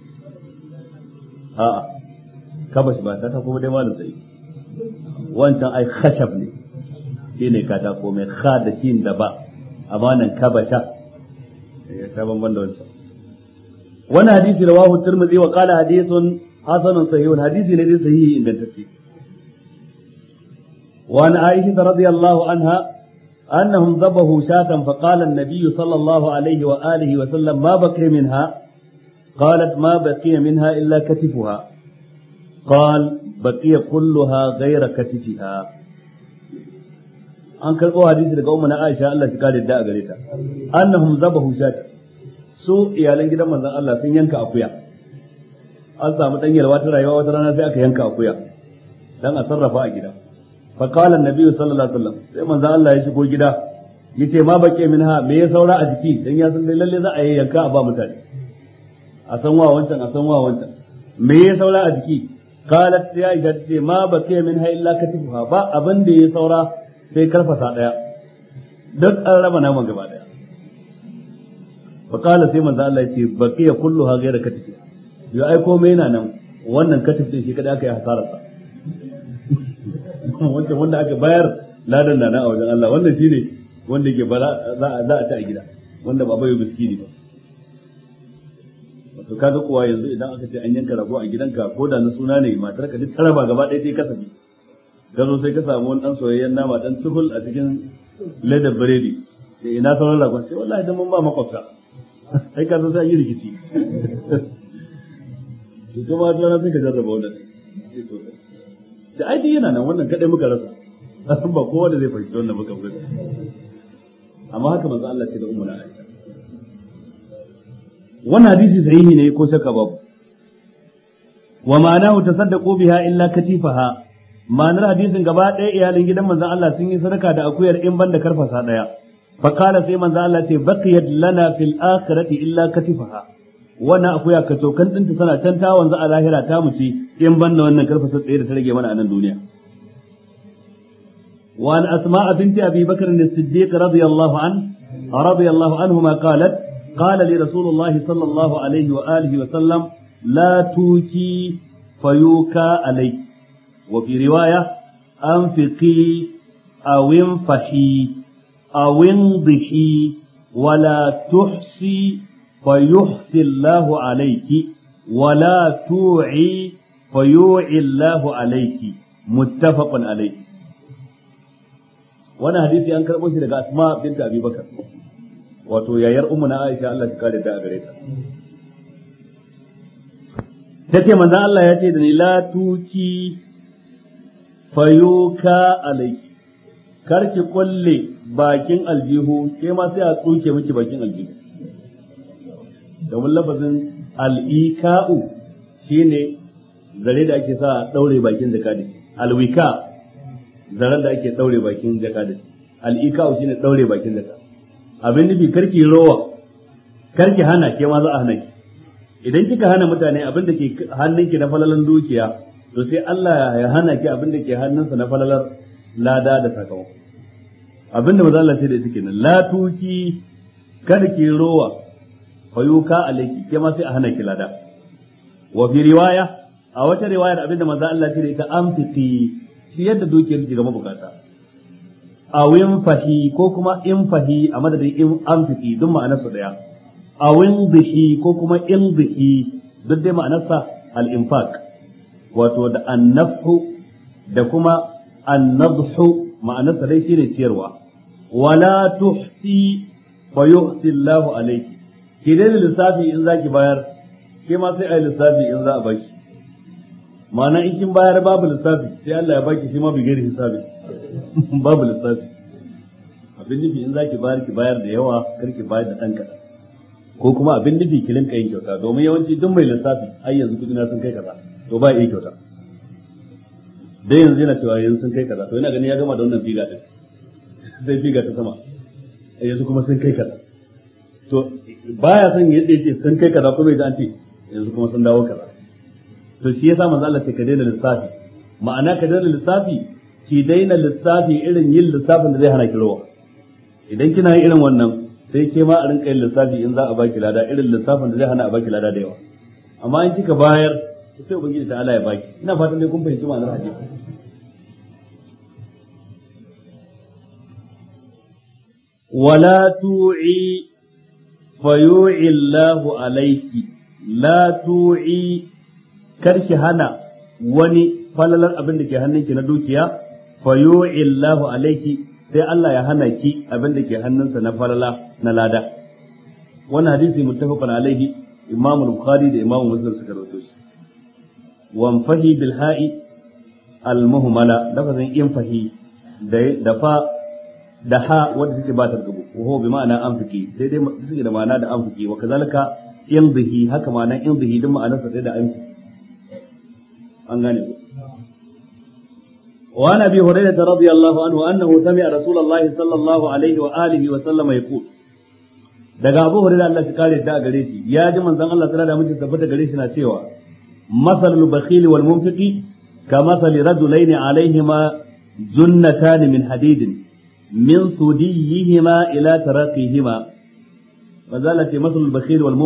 A: a'a kabash ba ta kuma dai malam sai wancan ai khashab ne shine katako mai kha da shin da ba amma nan kabasha ya ta da wancan wannan hadisi rawahu tirmidhi wa qala hadithun hasanun sahihun hadisi ne dai sahihi ingantacce وعن عائشة رضي الله عنها أنهم ذبحوا شاة فقال النبي صلى الله عليه وآله وسلم ما بقي منها قالت ما بقي منها إلا كتفها قال بقي كلها غير كتفها an karɓo hadisi daga umma na Aisha Allah shi kare da a gare ta annahum zabahu shata su iyalan gidan manzon Allah sun yanka akuya an samu dan yalwa ta rayuwa wata rana sai aka yanka akuya dan a sarrafa a gida fa qala annabi sallallahu alaihi wasallam sai manzon Allah ya shigo gida yace ma bake ha, me ya saura a jiki dan ya san dai, lalle za a yanka a ba mutane a san wa wancan a san wa wancan me ya saura a jiki qalat ya ida ce ma baqiya min ha illa katifuha ba abin da ya saura sai karfasa daya duk an raba naman gaba daya fa qala sai manzo Allah ya ce baqiya kulluha ghayra katifi ya ai komai yana nan wannan katif din shi kada aka yi hasararsa wancan wanda aka bayar ladan na a wajen Allah wannan shine wanda yake ba za a ci a gida wanda ba bai miskini ba to kaga kuwa yanzu idan aka ce an yanka rago a gidanka ko da na suna ne matar ka duk taraba gaba ɗaya sai kasafi ka zo sai ka samu wani ɗan soyayyen nama ɗan tuhul a cikin ledar biredi da ina sauran ragon sai wallahi dan mun ba makwabta sai ka zo sai yi rikici to kuma to na sai ka jarraba wannan sai ai yana nan wannan kadai muka rasa ba kowa da zai fahimci wannan muka fahimci amma haka manzo Allah ce da ummu na Aisha wannan hadisi sahihi ne ko shakka babu wa ma'anahu tasaddaqu biha illa katifaha ma'anar hadisin gaba ɗaya iyalin gidan manzon Allah sun yi sadaka da akuyar in banda karfasa daya fa qala sai manzon Allah ce baqiyat lana fil akhirati illa katifaha wannan akuya ka tokan kan ta tana can ta wanzu a lahira ta mu in banda wannan karfasa tsaye da ta rage mana a nan duniya وعن asma'a بنت أبي بكر الصديق رضي الله عنه رضي anhu ma قالت قال لي رسول الله صلى الله عليه وآله وسلم لا توكي فيوكى علي وفي رواية أنفقي أو انفحي أو انضحي ولا تحصي فيحصي الله عليك ولا توعي فيوعي الله عليك متفق عليه وانا حديثي أنكر بوشي لك أسماء بنت أبي بكر wato yayar umu na Aisha Allah ta kare da gare ta tace manzon Allah ya ce da ni la tuki fayuka alai kar ki kulle bakin aljihu ke ma sai a tsuke miki bakin aljihu domin lafazin al'ika'u shine zare da ake sa a daure bakin jaka da shi alwika zaren da ake daure bakin jaka da shi al'ika'u shine daure bakin jaka abin nufi karki rowa karki hana ke ma za a hana ki idan kika hana mutane abin da ke hannunki na falalan dukiya to sai Allah ya hana ki abin da ke hannunsa na falalar lada da sakamako abin da maza Allah sai da ita kenan la tuki kada ki rowa fayuka alayki ke ma sai a hana ki lada wa fi riwaya a wata riwayar abinda manzo Allah ya ce ita amfiti shi yadda dukiyar ki ga mabukata awin fahi ko kuma in fahi a madadin in amfihi duk ma'anar su daya awin dhihi ko kuma in dhihi duk dai ma'anarsa al-infaq wato da annafhu da kuma annadhu ma'anarsa dai shine ciyarwa wala tuhsi fa yuhsi Allahu alayki ki dai lissafi in zaki bayar ke ma sai ai lissafi in za a baki ma'ana in kin bayar babu lissafi sai Allah ya baki shi ma bigar hisabi babu lissafi abin nufi in ki bayar ki bayar da yawa kar ki bayar da ɗan kaɗan ko kuma abin nufi ki rinka yin kyauta domin yawanci duk mai lissafi ai yanzu kuɗi na sun kai kaza to ba iya kyauta dai yanzu yana cewa yanzu sun kai kaza to yana ganin ya gama da wannan figa ta sai figa ta sama eh, yanzu kuma sun kai kaza to baya son yadda yace sun kai kaza kuma yanzu an ce yanzu kuma sun dawo kaza to shi yasa manzo Allah sai ka daina lissafi ma'ana ka daina lissafi ki daina lissafi irin yin lissafin da zai hana ki rawa idan kina yin irin wannan sai ke ma a rinka yin lissafi in za a baki lada irin lissafin da zai hana a baki lada da yawa amma in kika bayar sai ubangiji ta Allah ya baki ina fatan dai kun fahimci ma'anar hadisi ولا توعي فيوعي الله عليك لا توعي كرك هنا وني falalar abin da ke hannunki na dukiya fayu'i Allahu alayki sai Allah ya hana ki abin da ke hannunsa na falala na lada wannan hadisi muttafaqun alaihi Imam Bukhari da Imam Muslim suka rawaito shi wan fahi bil ha'i al muhmala lafazin in fahi da fa da ha wanda suke ba targabo wa huwa bi ma'ana anfiki sai dai suke da ma'ana da anfiki wa kazalika in bihi haka ma'ana in bihi din ma'anarsa sai da anfiki an gane ku وعن ابي هريره رضي الله عنه انه سمع رسول الله صلى الله عليه واله وسلم يقول daga abu hurairah Allah shi kare da gare shi ya ji manzon Allah tsara da mutum gare shi na cewa masalul bakhili wal munfiqi ka masali rajulain alaihima junnatan min hadidin min sudiyihima ila taraqihima fazala ce masalul bakhili wal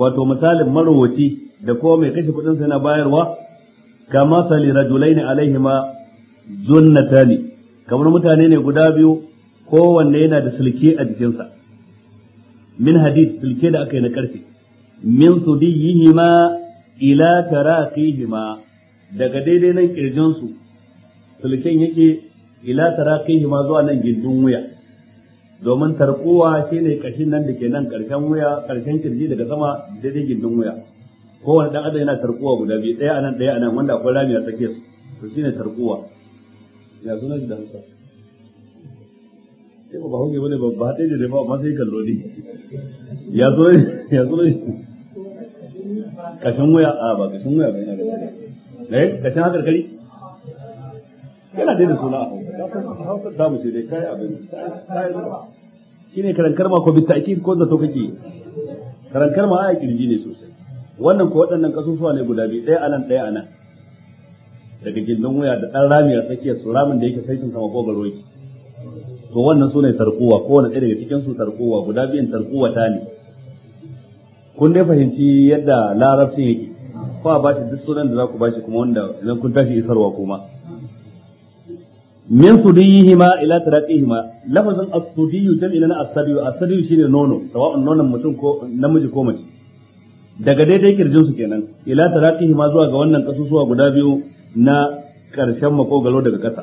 A: wato misalin marowaci da kuma mai kashe kudin sa yana bayarwa kama sali rajulaini alaihima ne. kamar mutane ne guda biyu kowanne yana da sulke a jikinsa min hadid sulke da aka yi na karfe min ma ila taraqihima daga daidai nan kirjinsu sulken yake ila taraqihima zuwa nan gindin wuya domin tarkowa shine kashin nan da ke nan karshen wuya karshen kirji daga sama daidai gindin wuya kowane dan adam yana tarkuwa guda biyu ɗaya anan ɗaya anan wanda akwai rami a tsakiyar to shine tarkuwa ya suna shi da hausa sai eh, ba hauke bane ba ba ɗaya ne ba amma sai kallo ne ya sunan ya sunan kashin waya a ba kashin waya ba yana da eh kashin hakar kari
B: yana da suna a hausa
A: hausa da mu ce dai kai
B: abin kai
A: shine karankar ma ko bitta'kid ko to kake karankar ma a kirji ne sosai wannan ko waɗannan kasusuwa ne guda biyu ɗaya anan ɗaya anan daga gindin wuya da ɗan rami a tsakiyar su ramin da yake saitin sama ko garo yake to wannan su ne tarkuwa wani ɗaya daga cikin su tarkuwa guda biyun tarkuwa ta ne kun dai fahimci yadda larabcin yake kuma ba bashi duk sunan da za ku bashi kuma wanda idan kun tashi isarwa kuma min ma ila taraqihima lafazin as-sudiyu jam'i na as-sadiyu as-sadiyu shine nono sawa'un nonon mutum ko namiji ko mace daga daidai kirjin su kenan ila taraqihi ma zuwa ga wannan kasusuwa guda biyu na karshen makogalo daga kasa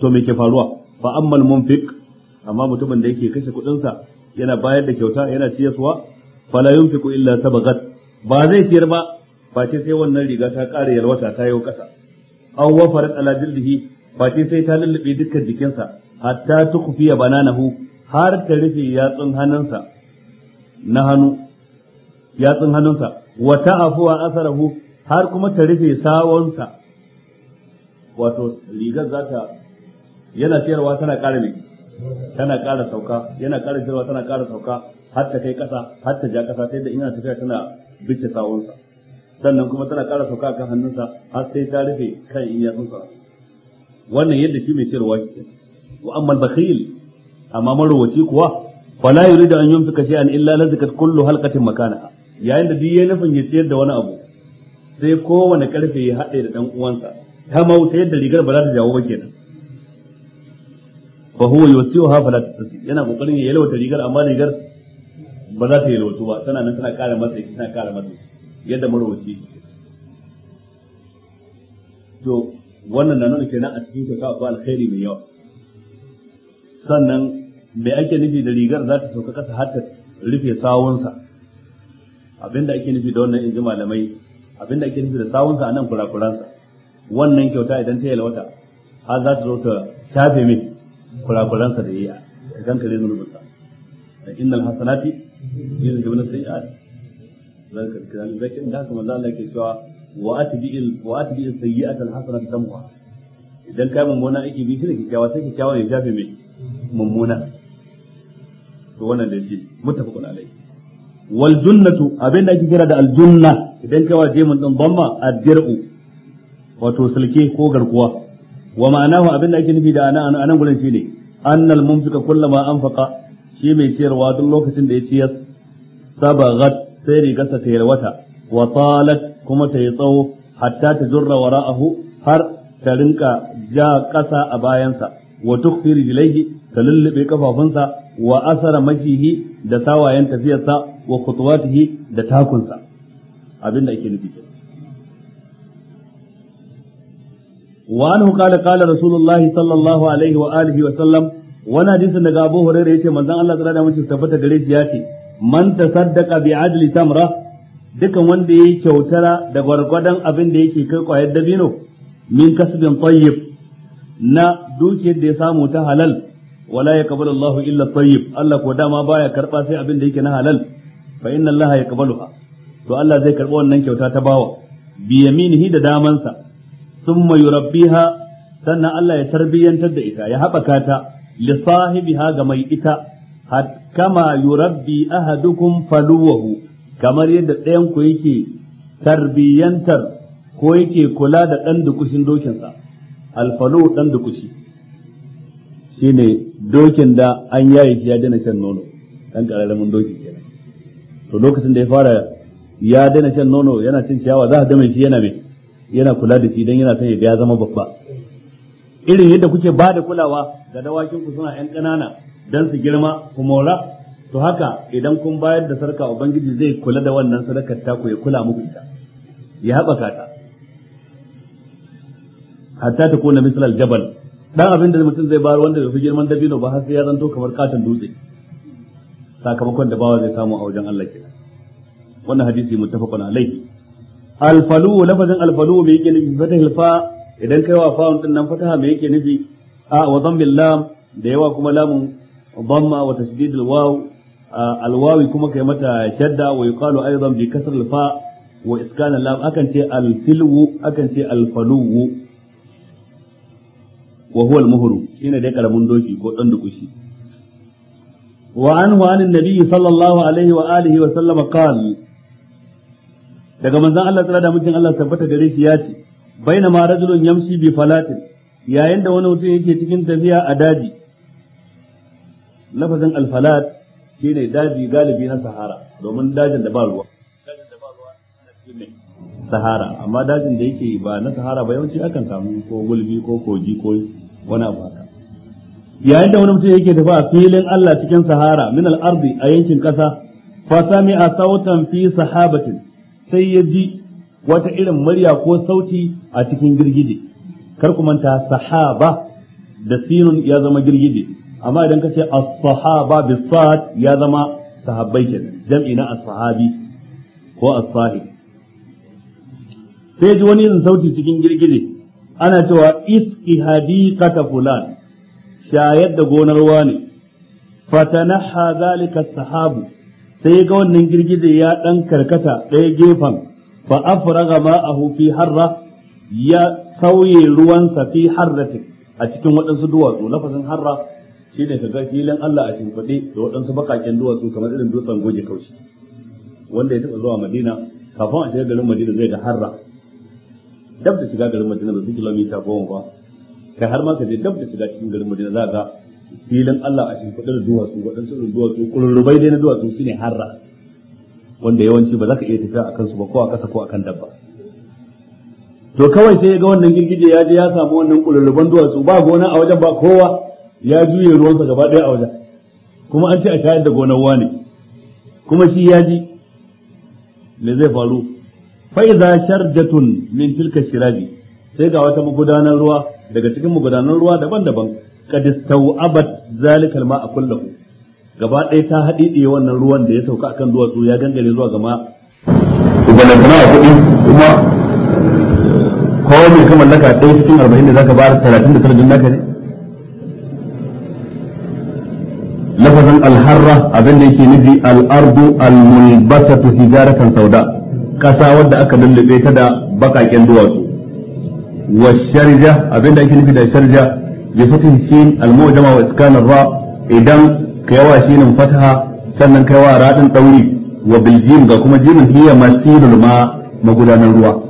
A: to me ke faruwa fa ammal munfiq amma mutumin da yake kashe kuɗinsa yana bayar da kyauta yana ciyaswa fala yunfiqu illa sabaqat ba zai ciyar ba Fati sai wannan riga ta kare yalwata ta yau kasa aw wafarat ala jildihi ce sai ta lullube dukkan jikinsa hatta tukufiya bananahu har ta rufe yatsun hannunsa na hannu yatsun hannunsa wata afuwa asarahu har kuma ta rufe sawonsa wato rigar za ta yana ciyarwa tana ƙara ne tana ƙara sauka yana ƙara ciyarwa tana ƙara sauka har ta kai ƙasa har ta ja ƙasa sai da ina tafiya tana bice sawonsa sannan kuma tana ƙara sauka kan hannunsa har sai ta rufe kan in yatsunsa wannan yadda shi mai ciyarwa shi wa amma bakhil amma marowaci kuwa wala yuridu an yunfika shay'an illa lazikat kullu halqatin makana yayin da duk yayin nufin ya ciyar da wani abu sai kowane karfe ya haɗe da dan uwansa ta mauta ta yadda rigar ba za ta jawo ba kenan fa huwa yusiha fala tasi, yana kokarin ya yalwata rigar amma rigar ba za ta yalwatu ba tana nan tana ƙara masa tana ƙara masa yadda marwaci to wannan na nuna kenan a cikin kyauta ba alkhairi mai yawa sannan me ake nufi da rigar za ta sauka kasa har ta rufe sawunsa abinda ake nufi da wannan inji malamai abinda ake nufi da sawunsa anan kurakuransa wannan kyauta idan ta yalwata har za ta zo ta shafe mai kurakuransa da yayi a kankare zunubinsa innal hasanati yuzhibun sayyi'at zalika kadhalika zaki inda haka manzo ke cewa wa atbi'il wa atbi'is sayyi'ata alhasanata tamwa idan kai mummuna aiki bi shi da kyakkyawa, sai kyakkyawa ya shafe mai mummuna to wannan da shi muttafaqun alai wal junnatu abinda ake kira da aljunna idan kai wa jemin din bamma addir'u wato sulke ko garkuwa wa ma'anahu abinda ake nufi da anan anan gurin shine annal munfika kullama anfaqa shi mai ciyarwa duk lokacin da ya ciyar Sabagat sai rigarsa ta yarwata wa talat kuma ta yi tsawo hatta ta jurra wara'ahu har ta rinka ja ƙasa a bayansa wa tukfi rijlaihi ta lullube kafafunsa wa asara mashihi da tawayen tafiyarsa wa khutuwatihi da takunsa abinda ake nufi wa anhu qala qala rasulullah sallallahu alaihi wa alihi wa sallam wani hadisi daga Abu Hurairah yace manzon Allah tsara da mace tabbata gare shi yace man tasaddaqa bi adli tamra dukan wanda yayi kyautara da gwargwadon abin da yake kai kwayar dabino min kasbin tayyib na dukiyar da ya samu ta halal wala yaqbalu Allahu illa tayyib Allah ko dama baya karba sai abin da yake na halal fa inna Allah yaqbaluha to Allah zai karba wannan kyauta ta bawa bi yaminihi da damansa thumma yurabbiha sannan Allah ya tarbiyantar da ita ya haɓaka ta li sahibiha ga mai ita kama yurabbi ahadukum faluwahu kamar yadda ɗayan ku yake tarbiyyantar ko yake kula da ɗan dukushin dokinsa alfalu ɗan dukushi shine dokin da an yaye shi ya dana shan nono dan kararramin doki kenan to lokacin da ya fara ya dana shan nono yana cin ciyawa za a ga shi yana mai yana kula da shi dan yana son ya zama babba irin yadda kuke ba da kulawa ga dawakin ku suna yan ƙanana dan su girma ku mora to haka idan kun bayar da sarka ubangiji zai kula da wannan sadakar taku ya kula muku ita ya haɓaka ta hatta ta kona misal jabal dan abin da mutum zai bayar wanda bai fi girman dabino ba har sai ya zanto kamar katon dutse sakamakon da bawa zai samu a wajen Allah kenan wannan hadisi muttafaqun alaihi alfalu lafazin alfalu me yake nufi fatahil fa idan kai wa fa'un din nan fataha me yake nufi a wa dhambil lam da yawa kuma lamun dhamma wa tasdidil waw alwawi kuma kai mata shadda wa yuqalu aidan bi kasr alfa wa iskan lam akan ce alfilu akan ce alfalu wa huwa al-muhru shine dai karamin doki ko dan dukushi wa anhu anin nabiyyi sallallahu alaihi wa alihi wa sallama qala daga manzon Allah tsara da mutum Allah tabbata gare shi ya Baina ma rajulun yamshi bi falatin yayin da wani mutum yake cikin tafiya a daji lafazin alfalat shine daji galibi na sahara domin dajin da ba ruwa sahara amma dajin da yake ba na sahara ba yawanci akan samu ko gulbi ko koji ko wani abu haka yayin da wani mutum yake tafi a filin Allah cikin sahara min al-ardi a yankin kasa fa a sautan fi sahabatin sai ya ji wata irin murya ko sauti a cikin girgije kar ku manta sahaba da sinun ya zama girgije amma idan ka ce as-sahaba bi sad ya zama sahabbai kenan jam'i na as-sahabi ko as-sahib sai ji wani irin sauti cikin girgije ana cewa iski hadiqata fulan shayar da gonar wani fatanaha zalika sahabu sai ga wannan girgije ya dan karkata ɗaya gefen fa afraga a fi harra ya sauye ruwansa fi harratin a cikin waɗansu duwatsu lafazin harra shine ne ka ga filin Allah a shimfiɗe da waɗansu baƙaƙen duwatsu kamar irin dutsen goge kaushi wanda ya taɓa zuwa Madina kafin a shiga garin Madina zai ga harra dab da shiga garin Madina ba su kilomita goma ba kai har ma ka je dab da shiga cikin garin Madina za ka filin Allah a shimfiɗa da duwatsu waɗansu irin duwatsu kururrubai dai na duwatsu shine harra wanda yawanci ba za ka iya tafiya a kansu ba ko a ƙasa ko a kan dabba to kawai sai ya ga wannan girgije ya je ya samu wannan kururruban duwatsu ba gona a wajen ba kowa ya juye ruwansa gaba ɗaya a wajen kuma an ce a shayar da gonar wane kuma shi ya ji me zai faru faiza sharjatun min tilka shiraji sai ga wata magudanar ruwa daga cikin magudanar ruwa daban-daban kad tawabat zalika alma'a kullahu gaba ɗaya ta haɗiɗiye wannan ruwan da ya sauka akan duwatsu ya gangare zuwa gama ubalantana a kuɗi kuma ko mai ka mallaka ɗaya cikin arba'in da zaka ba talatin da tara naka ne lafazan alharra abin da yake nufi al'ardu al-mulbasatu hijaratan sauda kasa wadda aka lullube ta da bakaken duwatsu wa sharja abinda ake nufi da sharja bi fatin sin al mu'jama wa iskan ra idan kaiwa shinin fataha sannan kaiwa radin dauri wa bil jim ga kuma jimin hiya masilul ma magudanar ruwa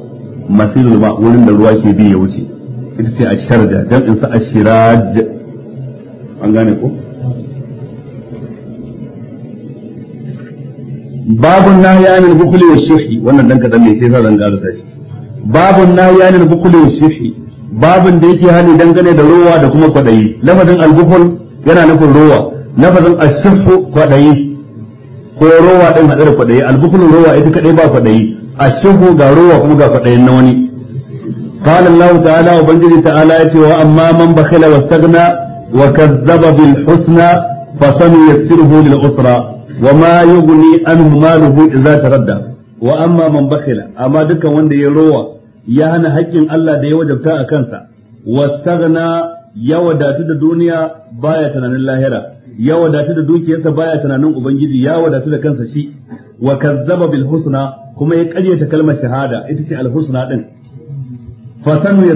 A: masilul ma wurin da ruwa ke bi ya wuce ita ce asharja jam'in sa ashiraj an gane ko babun nahyi anil bukhli was suhi wannan dan kadan ne sai sa zan karasa shi babun nahyi anil bukhli was suhi babun da yake hani dangane da ruwa da kuma kwadayi lafazin al bukhl yana nufin ruwa, lafazin as-suhu kwadayi ko ruwa din hadar kwadayi al bukhl rowa ita kadai ba kwadayi as-suhu ga rowa kuma ga kwadayin na wani قال الله تعالى وبنجلي تعالى وأما من بخل واستغنى وكذب بالحسنى فسنيسره للعسرى وما يغني عنه ماله إذا تردى وأما من بخل أما دكا وند يروى يا هنا حقين ya ده وجبتا أكنسا واستغنى يا ودات da duniya baya tunanin lahira ya wadatu da dukiyarsa baya tunanin ubangiji ya wadatu da kansa shi wa kazzaba bil husna kuma ya karyata kalmar shahada ita ce al husna din fa sanu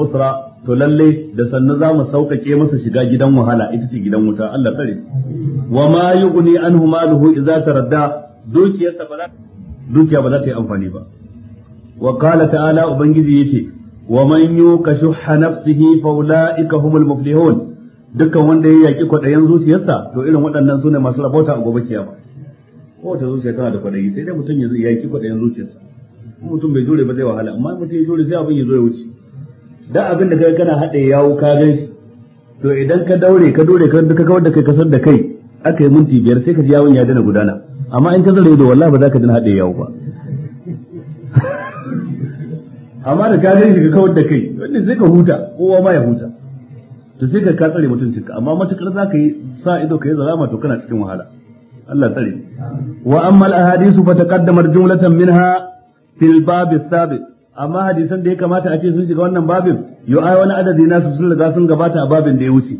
A: usra to lalle da sannu za mu sauƙaƙe masa shiga gidan wahala ita ce gidan wuta Allah tsare wa ma yughni anhu maluhu idza taradda dukiyarsa ba za dukiya ba za ta yi amfani ba wa qala ta'ala ubangiji yace wa man yukashuha nafsihi fa ulaika humul muflihun dukkan wanda ya yaki kwaɗayen zuciyarsa to irin waɗannan sune masu rabota a gobe kiyama kowace zuciya tana da kwaɗayi sai dai mutum ya yaki kwaɗayen zuciyarsa mutum bai jure ba zai wahala amma mutum ya jure sai abin ya zo ya wuce da abin da kai kana haɗe yawo ka gan shi to idan ka daure ka dore ka duka kawar da kai kasar da kai aka yi minti biyar sai ka ji yawon ya dana gudana amma in ka zare da wallahi ba za ka dana haɗe yawo ba amma da ka gan shi ka kawar da kai wanda sai ka huta kowa ma ya huta to sai ka ka tsare mutuncin ka, amma matukar za ka yi sa ido ka yi zalama to kana cikin wahala Allah tsare wa amma al ahadisu fa taqaddamat jumlatan minha fil bab al amma hadisan da ya kamata a ce sun shiga wannan babin yo ai wani adadi su sun riga sun gabata a babin da ya wuce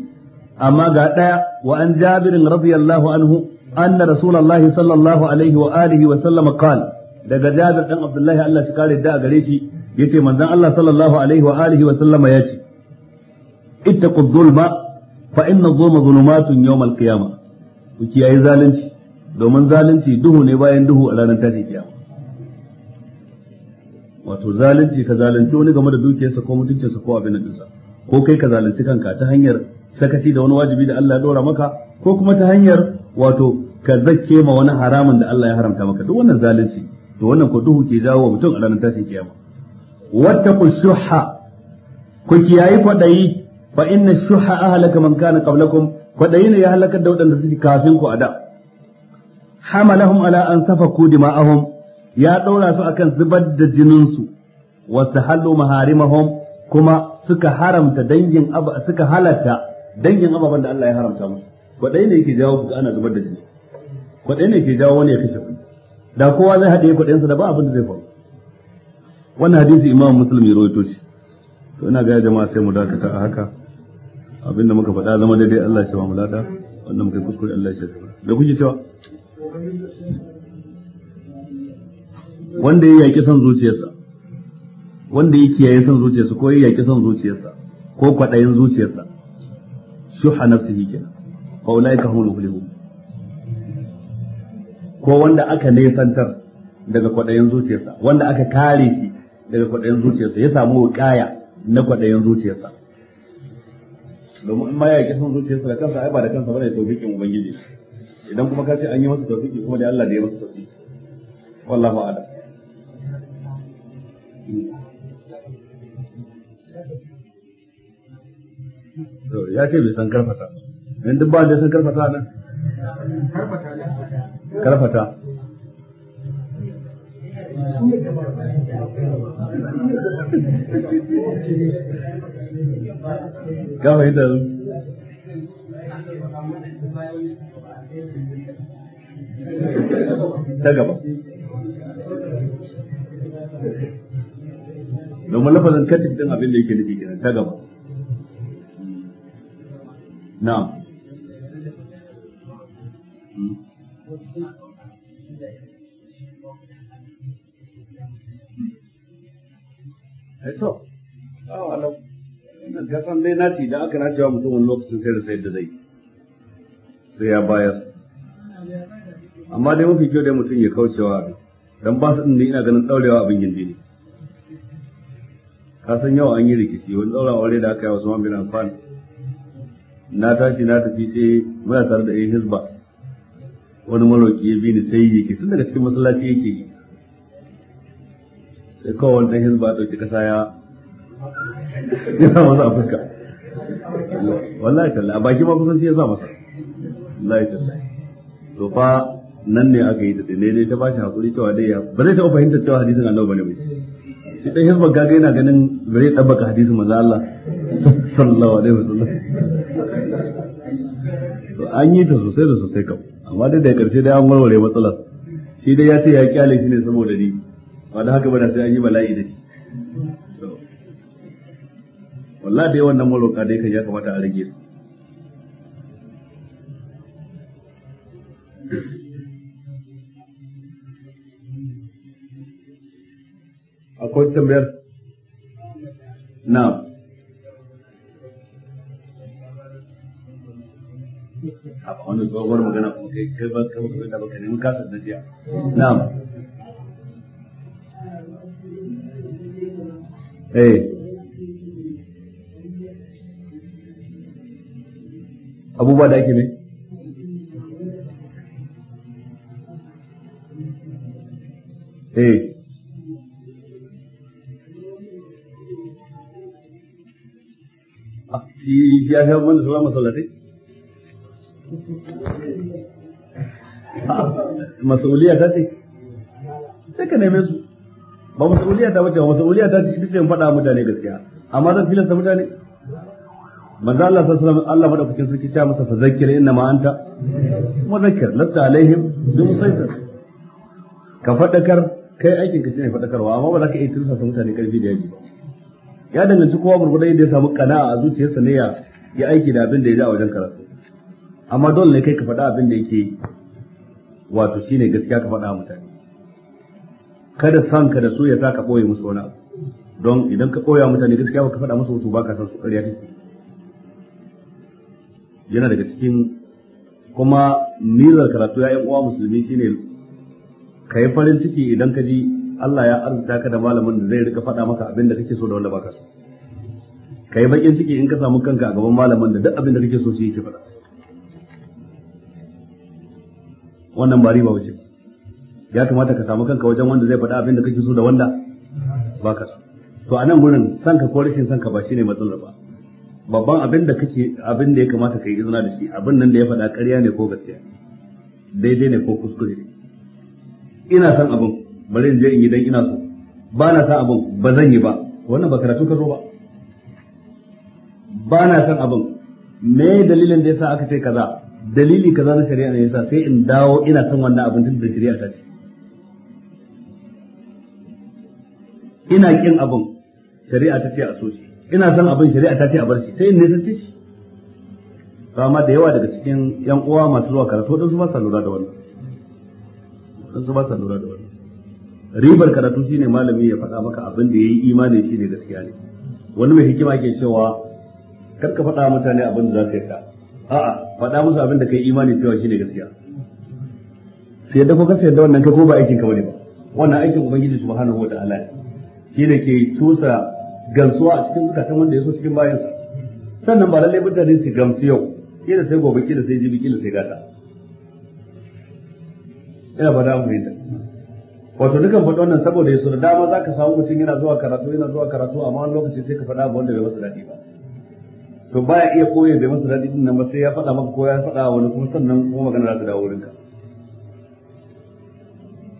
A: amma ga daya wa an jabirin radiyallahu anhu anna rasulullahi sallallahu alaihi wa alihi wa sallam qala daga jabir dan abdullahi Allah shi kare da gare shi yace manzon Allah sallallahu alaihi wa alihi wa sallama yace ittaqu zulma fa inna dhulma dhulumatun yawm al-qiyamah ku kiyaye zalunci domin zalunci duhu ne bayan duhu a ranar tashin kiyama wato zalunci ka zalunci wani game da dukiyarsa ko mutuncinsa ko abin da ko kai ka zalunci kanka ta hanyar sakaci da wani wajibi da Allah ya dora maka ko kuma ta hanyar wato ka zakke ma wani haramun da Allah ya haramta maka duk wannan zalunci to wannan ko duhu ke jawo mutum a ranar tashin kiyama wattaqu shuha ku kiyayi kwadayi fa inna shuha ahlaka man kana qablakum kwadayi ne ya halakar da waɗanda suke kafin ku ada da hamalahum ala an safaku dima'ahum ya ɗaura su akan zubar da jininsu wastahallu maharimahom kuma suka haramta dangin suka halatta dangin ababen da Allah ya haramta musu kwaɗai ne yake jawo ana zubar da jini kwaɗai ne yake jawo wani ya kashe kuɗi? da kowa zai haɗe kwaɗayensa da ba abin da zai faru wannan hadisi imam muslim ya rawaito shi to ina ga jama'a sai mu dakata a haka abinda muka faɗa zama daidai Allah ya ba mu lada wannan muka yi kuskure Allah ya shafa da kuke cewa wanda ya yaki son zuciyarsa wanda ya kiyaye son zuciyarsa ko ya yaki son zuciyarsa ko kwadayin zuciyarsa shuha nafsihi kenan fa ulaika humul muflihun ko wanda aka nesantar daga kwadayin zuciyarsa wanda aka kare shi daga kwadayin zuciyarsa ya samu kaya na kwadayin zuciyarsa domin in ma ya yaki son zuciyarsa da kansa ai ba da kansa bane tawfiqin ubangiji idan kuma ka ce an yi masa tawfiki kuma da Allah da ya masa tawfiki wallahu a'lam ya ce bai san karfasa in duk ba san karfasa nan
B: karfata ka fahimta ta gaba domin lafazin katif din abin
A: da yake nufi kenan ta gaba na'am eh, to ga ah, san dai naci da aka wa mutum wani lokacin sai da sayar da zai sai ya bayar amma dai mafi kyau dai mutum ya kaucewa don ba su ɗin ina ganin ɗaurewa abin gindi ne ka san yau an yi rikici wani ɗauran aure da aka yi wasu man bin na tashi na tafi sai muna tare da yin hizba wani maloki ya bi ni sai ke tun daga cikin masallaci yake yi sai kawai wani ɗan hizba ɗauki ƙasa ya ya sa masa a fuska wallahi talla a baki ma kusan shi ya sa masa wallahi talla to fa nan ne aka yi ta dai dai ta bashi hakuri cewa dai ya ba zai taɓa fahimta cewa hadisin annabi ne ba shi Sai dan hizba gaga yana ganin bare dabbaka hadisin manzo Allah sallallahu alaihi wasallam to an yi ta sosai da sosai kam amma dai daga karshe dai an warware matsalar shi dai ya ce ya kyale shi ne saboda ni ba da haka ba da sai an yi bala'i da
B: shi
A: wallahi dai wannan maroka dai kan ya kamata a rage su akwai tambayar na a wani tsohuwar magana kuma kai kai ba kai da baka kasar da jiya na eh abubuwa da ake mai ya fi wanda sallah masallatai masauliya ta ce sai ka neme ba ba ce faɗa mutane gaskiya amma zan mutane manzo Allah sallallahu alaihi wasallam Allah madaukakin sarki ya masa inna ma anta muzakkir lasta alaihim bi musaitir ka fadakar kai aikin ka shine fadakarwa amma ba za ka iya tursa mutane karfi da yaji ya danganci kowa gurgurdan da ya samu kana'a a zuciyarsa ne ya ya aiki da abin da ya ji a wajen karatu amma dole ne kai ka faɗa abin da yake wato shine gaskiya ka faɗa mutane kada san ka da su ya sa ka ɓoye musu wani abu don idan ka ɓoya mutane gaskiya baka faɗa musu ba baka san su ƙarya take yana daga cikin kuma nizar karatu ya uwa musulmi shine ka yi farin ciki idan ka ji Allah ya arzuta ka da malamin da zai rika faɗa maka abin da kake so da wanda baka so Ka yi bakin ciki in ka samu kanka a gaban malaman da duk abin da kake so su yake faɗa wannan ba riba bace ya kamata ka samu kanka wajen wanda zai faɗa abin da kake so da wanda ba ka so to a nan gurin sanka ko rashin sanka ba shine matsalar ba babban abin da kake abin da ya kamata ka yi izina da shi abin nan da ya faɗa ƙarya ne ko gaskiya daidai ne ko kuskure ne ina son abin bari in je in yi dan ina so ba na son abin ba zan yi ba wannan ba karatu ka zo ba ba na san abin me dalilin da yasa aka ce kaza dalili kaza na shari'a ne yasa sai in dawo ina san wannan abin tun da shari'a ta ce ina kin abin shari'a ta ce a so shi ina san abin shari'a ta ce a bar shi sai in ce shi amma da yawa daga cikin yan uwa masu zuwa karatu dan su ba sa lura da wannan dan su ba sa lura da wannan ribar karatu shine malami ya faɗa maka abin da yayi imani shi ne gaskiya ne wani mai hikima ke cewa kar ka faɗa mutane abin da za su yarda a'a faɗa musu abin da kai imani cewa shine gaskiya sai yadda ko kasa yadda wannan kai ko ba aikin ka bane ba wannan aikin ubangiji subhanahu wataala ne shine ke tusa gamsuwa a cikin zukatan wanda ya so cikin bayansa sannan ba lallai mutane su gamsu yau kila sai gobe kila sai jibi kila sai gata ina faɗa mu yadda wato dukan faɗi wannan saboda ya so da dama za ka samu mutum yana zuwa karatu yana zuwa karatu amma wani lokaci sai ka faɗa abu wanda bai masa daɗi ba to baya iya koyar da masa daɗi din nan ba sai ya faɗa maka ko ya faɗa wani kuma sannan kuma magana za ta dawo wurinka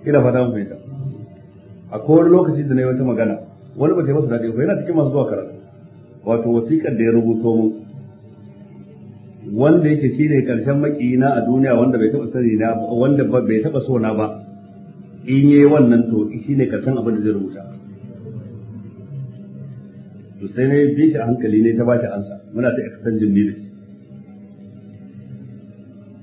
A: ina fata mu fahimta a wani lokaci da na yi wata magana wani ba ta masa daɗi ba yana cikin masu zuwa karatu wato wasiƙar da ya rubuto mu wanda yake shi ne ƙarshen maƙiyina a duniya wanda bai taɓa sani na wanda bai taɓa so na ba in yi wannan to shi ne ƙarshen abin da zai rubuta to sai na bi shi a hankali ne ta bashi ansa muna ta extension ne da shi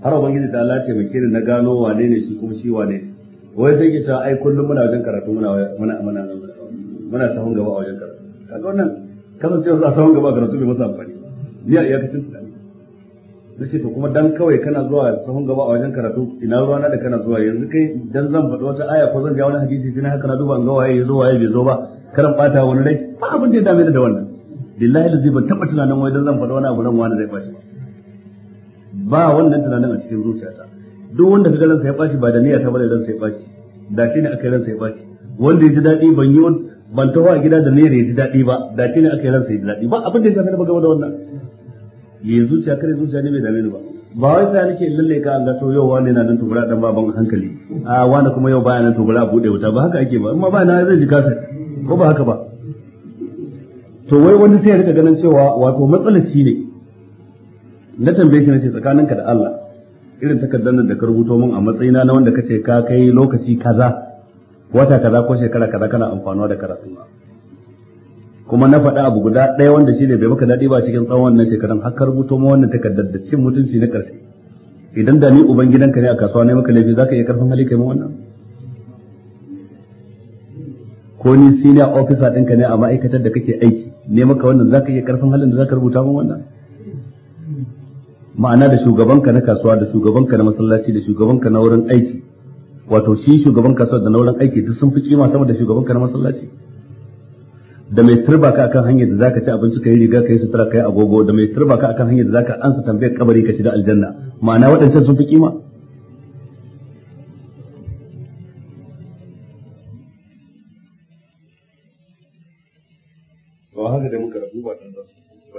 A: har ubangiji ta Allah taimake ni na gano wane ne shi kuma shi wane ne wai sai ki ai kullum muna wajen karatu muna muna muna muna sahun gaba a wajen karatu kaga wannan kasancewa sa sahun gaba karatu bai masa amfani ni a iyakacin tunani na ce to kuma dan kawai kana zuwa sahun gaba a wajen karatu ina ruwa na da kana zuwa yanzu kai dan zan faɗi wata aya ko zan ga wani hadisi sai na haka na duba an ga waye zo waye bai zo ba karan bata wani rai ba abin da ya dame ni da wannan billahi da zai ban taɓa tunanin wai dan zan faɗa wani abu ran wani zai ɓaci ba wannan tunanin a cikin zuciyata duk wanda kaga ransa ya ɓaci ba da niyya ta bane ransa ya ɓaci da ce ne yi ransa ya ɓaci wanda ya ji daɗi ban yi ban taho a gida da niyyar ya ji daɗi ba da ce ne yi ransa ya ji daɗi ba abin da ya shafi na ba da wannan ya zuciya kare zuciya ne bai dame ni ba ba wai sai nake lalle ka Allah to yau wani na nan tubura dan baban hankali a wani kuma yau baya nan tubura bude wuta ba haka ake ba amma ba na zai ji kasa ko ba haka ba to wai wani sai ya rika ganin cewa wato matsalar shi ne na tambaye shi na ce tsakaninka da Allah irin takardar da ka rubuto min a matsayina na wanda kace ka kai lokaci kaza wata kaza ko shekara kaza kana amfanuwa da karatu kuma na faɗa abu guda ɗaya wanda shi ne bai maka daɗi ba cikin tsawon wannan shekarun har ka rubuto min wannan takardar da cin mutunci na ƙarshe idan da ni ubangidanka ne a kasuwa ne maka laifi zaka iya karfin hali kai mu wannan ko ni senior officer ɗinka ne a ma'aikatar da kake aiki ne maka wannan za ka iya karfin halin da za ka rubuta min wannan ma'ana da shugabanka na kasuwa da shugabanka na masallaci da shugabanka na wurin aiki wato shi shugaban kasuwa da na wurin aiki duk sun fi kima sama da shugabanka na masallaci da mai turba ka akan hanyar da za ka ci abinci kai riga kai sutura kai agogo da mai turba ka akan hanyar da za ka ansa tambayar kabari ka shiga aljanna ma'ana waɗancan sun fi kima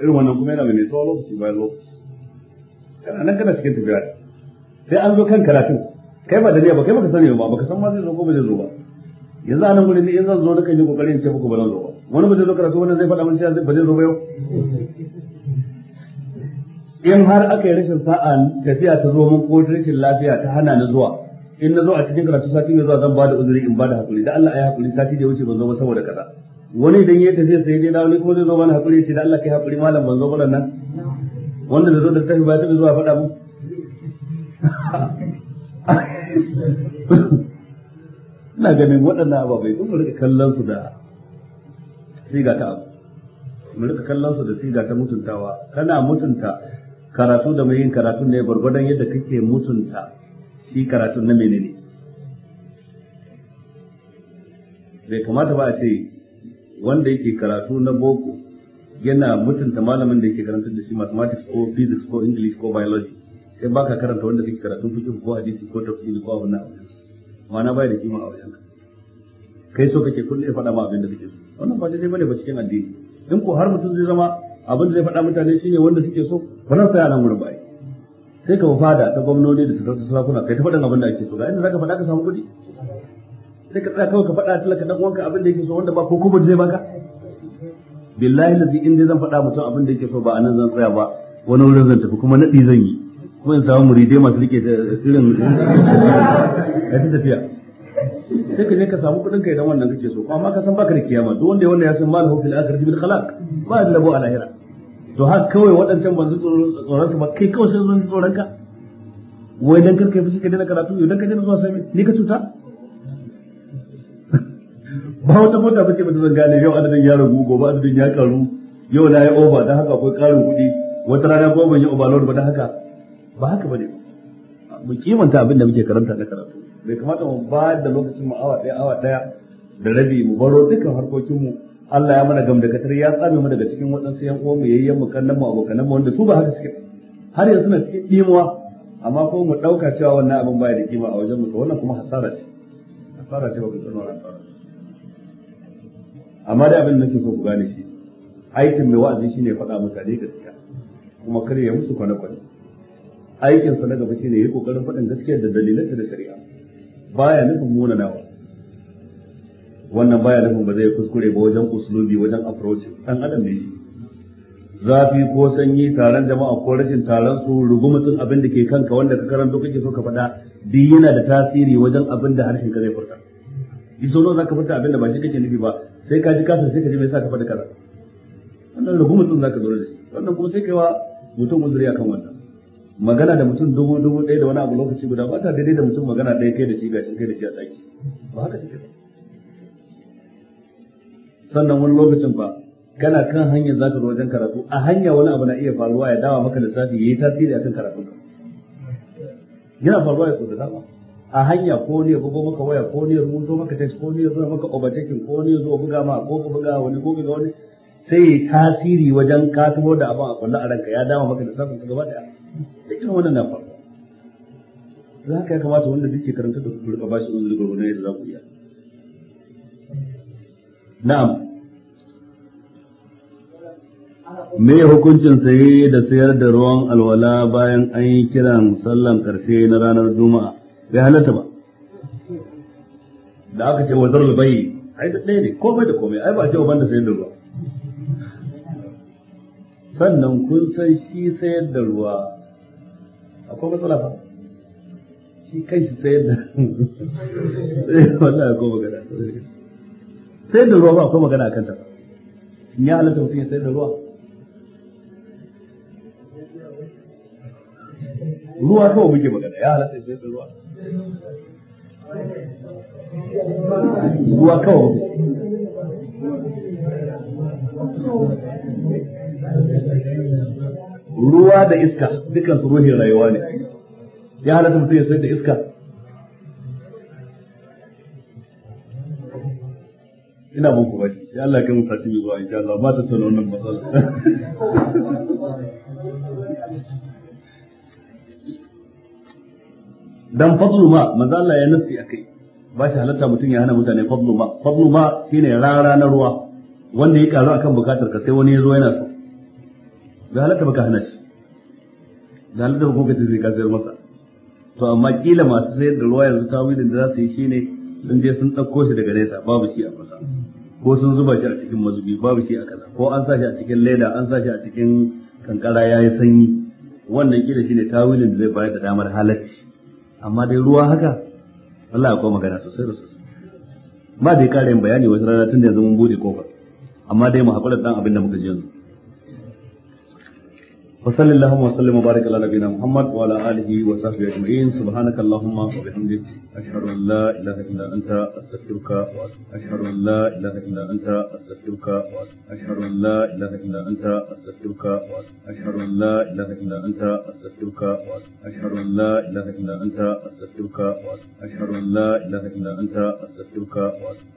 A: irin wannan kuma yana mai tsawon lokaci bayan lokaci kana nan kana cikin tafiya sai an zo kan karatun kai ba da niyya ba kai baka sani ba baka san ma zai zo ko ba zai zo ba yanzu a nan gurin ni in zan zo nakan yi kokarin ce muku ba zan zo ba wani ba zai zo karatu wani zai faɗa mun cewa ba zai zo ba yau in har aka yi rashin sa'a tafiya ta zo mun ko rashin lafiya ta hana ni zuwa in na zo a cikin karatu sati mai zuwa zan ba da uzuri in ba da hakuri da Allah ya hakuri sati da ya wuce ban zo ba saboda kaza wani idan ya tafiya sai je da wani kuma zai zo mana hakuri ce da Allah kai hakuri malam ban zo nan wanda da zo da tafi ba ta zuwa faɗa mu ina ganin waɗannan ababai kuma rika kallon su da siga ta abu mu rika kallon su da siga ta mutuntawa kana mutunta karatu da mai yin ne gwargwadon yadda kake mutunta shi karatun na menene bai kamata ba a ce wanda yake karatu na boko yana mutunta malamin da yake karantar da shi mathematics ko physics ko english ko biology sai baka karanta wanda kake karatun fiqh ko hadisi ko tafsiri ko abin nan ma'ana bai da kima a wajen kai so kake kullu ya faɗa ma abin da kake so wannan ba daidai bane ba cikin addini in ko har mutum zai zama abin da zai faɗa mutane shine wanda suke so ba sai nan gurin bai sai ka fada ta gwamnoni da ta sarakuna kai ta faɗin abin da ake so ga inda zaka faɗa ka samu kuɗi sai ka tsaya kawai ka faɗa talaka dan uwanka abin da yake so wanda ba ko kuma zai maka? billahi lazi in dai zan faɗa mutum abin da yake so ba anan zan tsaya ba wani wurin zan tafi kuma naɗi zan yi kuma in samu muride masu rike da irin ya ta tafiya sai ka je ka samu kuɗin ka idan wannan kake so amma ka san baka da kiyama duk wanda wanda ya san malahu fil akhirati bil khalaq ba da labo alahira to haka kawai waɗancan banzu tsoron su ba kai kawai sai zo tsoron ka wai dan karka yi fushi ka daina karatu idan ka dena zuwa sai ni ka cuta ba wata mota ba ce ba ta zan gane yau adadin ya ragu gobe adadin ya karu yau na yi over don haka akwai karin kuɗi wata rana ko ban yi overload ba don haka ba haka ba ne mu kimanta abin da muke karanta na karatu bai kamata mu ba da lokacin mu awa ɗaya awa ɗaya da rabi mu baro dukkan harkokinmu Allah ya mana gamdakatar ya tsame mu daga cikin waɗansu yan uwan mu yayyan mu kannan mu abokan mu wanda su ba haka suke har yanzu suna cikin dimuwa amma ko mu ɗauka cewa wannan abin baya da kima a wajen mu to wannan kuma hasara ce hasara ce ba ku tsano hasara amma da abin da nake so ku gane shi aikin mai wa'azi shine faɗa mutane gaskiya kuma kare ya musu kwana kwana aikin sa na gaba shine yayi kokarin faɗin gaskiya da dalilanta da shari'a baya nufin nawa? wannan baya nufin ba zai kuskure ba wajen uslubi wajen approach dan adam ne shi zafi ko sanyi taron jama'a ko rashin taron su rugumutsin abin da ke kanka wanda ka karanto kake so ka faɗa duk yana da tasiri wajen abin da harshen ka zai furta iso za zaka furta abin da ba shi kake nufi ba sai ka ji kasa sai ka ji mai sa ka faɗi kaza wannan rugumar tsin zaka zo da shi wannan kuma sai kai wa mutum uzuri akan wannan magana da mutum dubu dubu ɗaya da wani abu lokaci guda ba ta daidai da mutum magana ɗaya kai da shi gashi kai da shi a ɗaki ba haka take sannan wani lokacin ba kana kan hanyar zaka zo wajen karatu a hanya wani abu na iya faruwa ya dawa maka lissafi yayi tasiri akan karatun yana faruwa ya so dama a hanya ko ne ya bugo maka waya ko ne ya rubuto maka text ko ne ya zo maka overtaking ko ne ya zo buga ma ko ka buga wani ko ga wani sai ya tasiri wajen ka taho da abin a kullu a ranka ya dama maka da sakon ka gaba daya da irin wannan na farko? za haka ya kamata wanda duk ke karanta da ku ba shi uzuri gurgurdan yadda za ku iya na'am me hukuncin saye da sayar da ruwan alwala bayan an yi kiran sallan karshe na ranar juma'a bai halatta ba da aka ce wa zarul bayi ai da ɗaya ne komai da komai ai ba a ce wa banda sayar da ruwa sannan kun san shi sayar da ruwa akwai matsala ba shi kai shi sayar da wallahi magana sayar da ruwa ba akwai magana a kanta sun ya halatta mutum ya sayar da ruwa ruwa kawai muke magana ya halatta ya sayar da ruwa
B: ruwa kawai
A: ruwa da iska dukkan su ruhin rayuwa ne ya halatta mutum ya sayar da iska ina muku bashi sai Allah ya kai mu sati mai zuwa insha Allah ba ta tana wannan matsala dan fadlu ma manzo Allah ya nasi akai ba shi halatta mutum ya hana mutane fadlu ma fadlu ma shine rara na ruwa wanda ya karu akan bukatar ka sai wani ya zo yana so Da halatta baka hana shi da halatta ba kuma sai ka sayar masa to amma kila masu sayar da ruwa yanzu tawilin da za su yi shine sun je sun ɗauko shi daga nesa babu shi a kusa ko sun zuba shi a cikin mazubi babu shi a kaza ko an sa shi a cikin leda an sa shi a cikin kankara ya yi sanyi wannan kila shine tawilin da zai bayar da damar halacci amma dai ruwa haka Allah akwai magana sosai da sosai ba dai karin bayani wata rana tun da yanzu mun bude kofa amma dai mu haƙura ɗan abin da muka ji yanzu وصل اللهم وسلم وبارك على نبينا محمد وعلى اله وصحبه اجمعين سبحانك اللهم وبحمدك اشهد ان لا اله الا انت استغفرك واشهد ان لا اله الا انت استغفرك واشهد ان لا اله الا انت استغفرك واشهد ان لا اله الا انت استغفرك واشهد ان
B: لا اله الا انت استغفرك واشهد ان لا اله الا انت استغفرك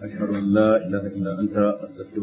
B: واشهد ان لا اله الا انت استغفرك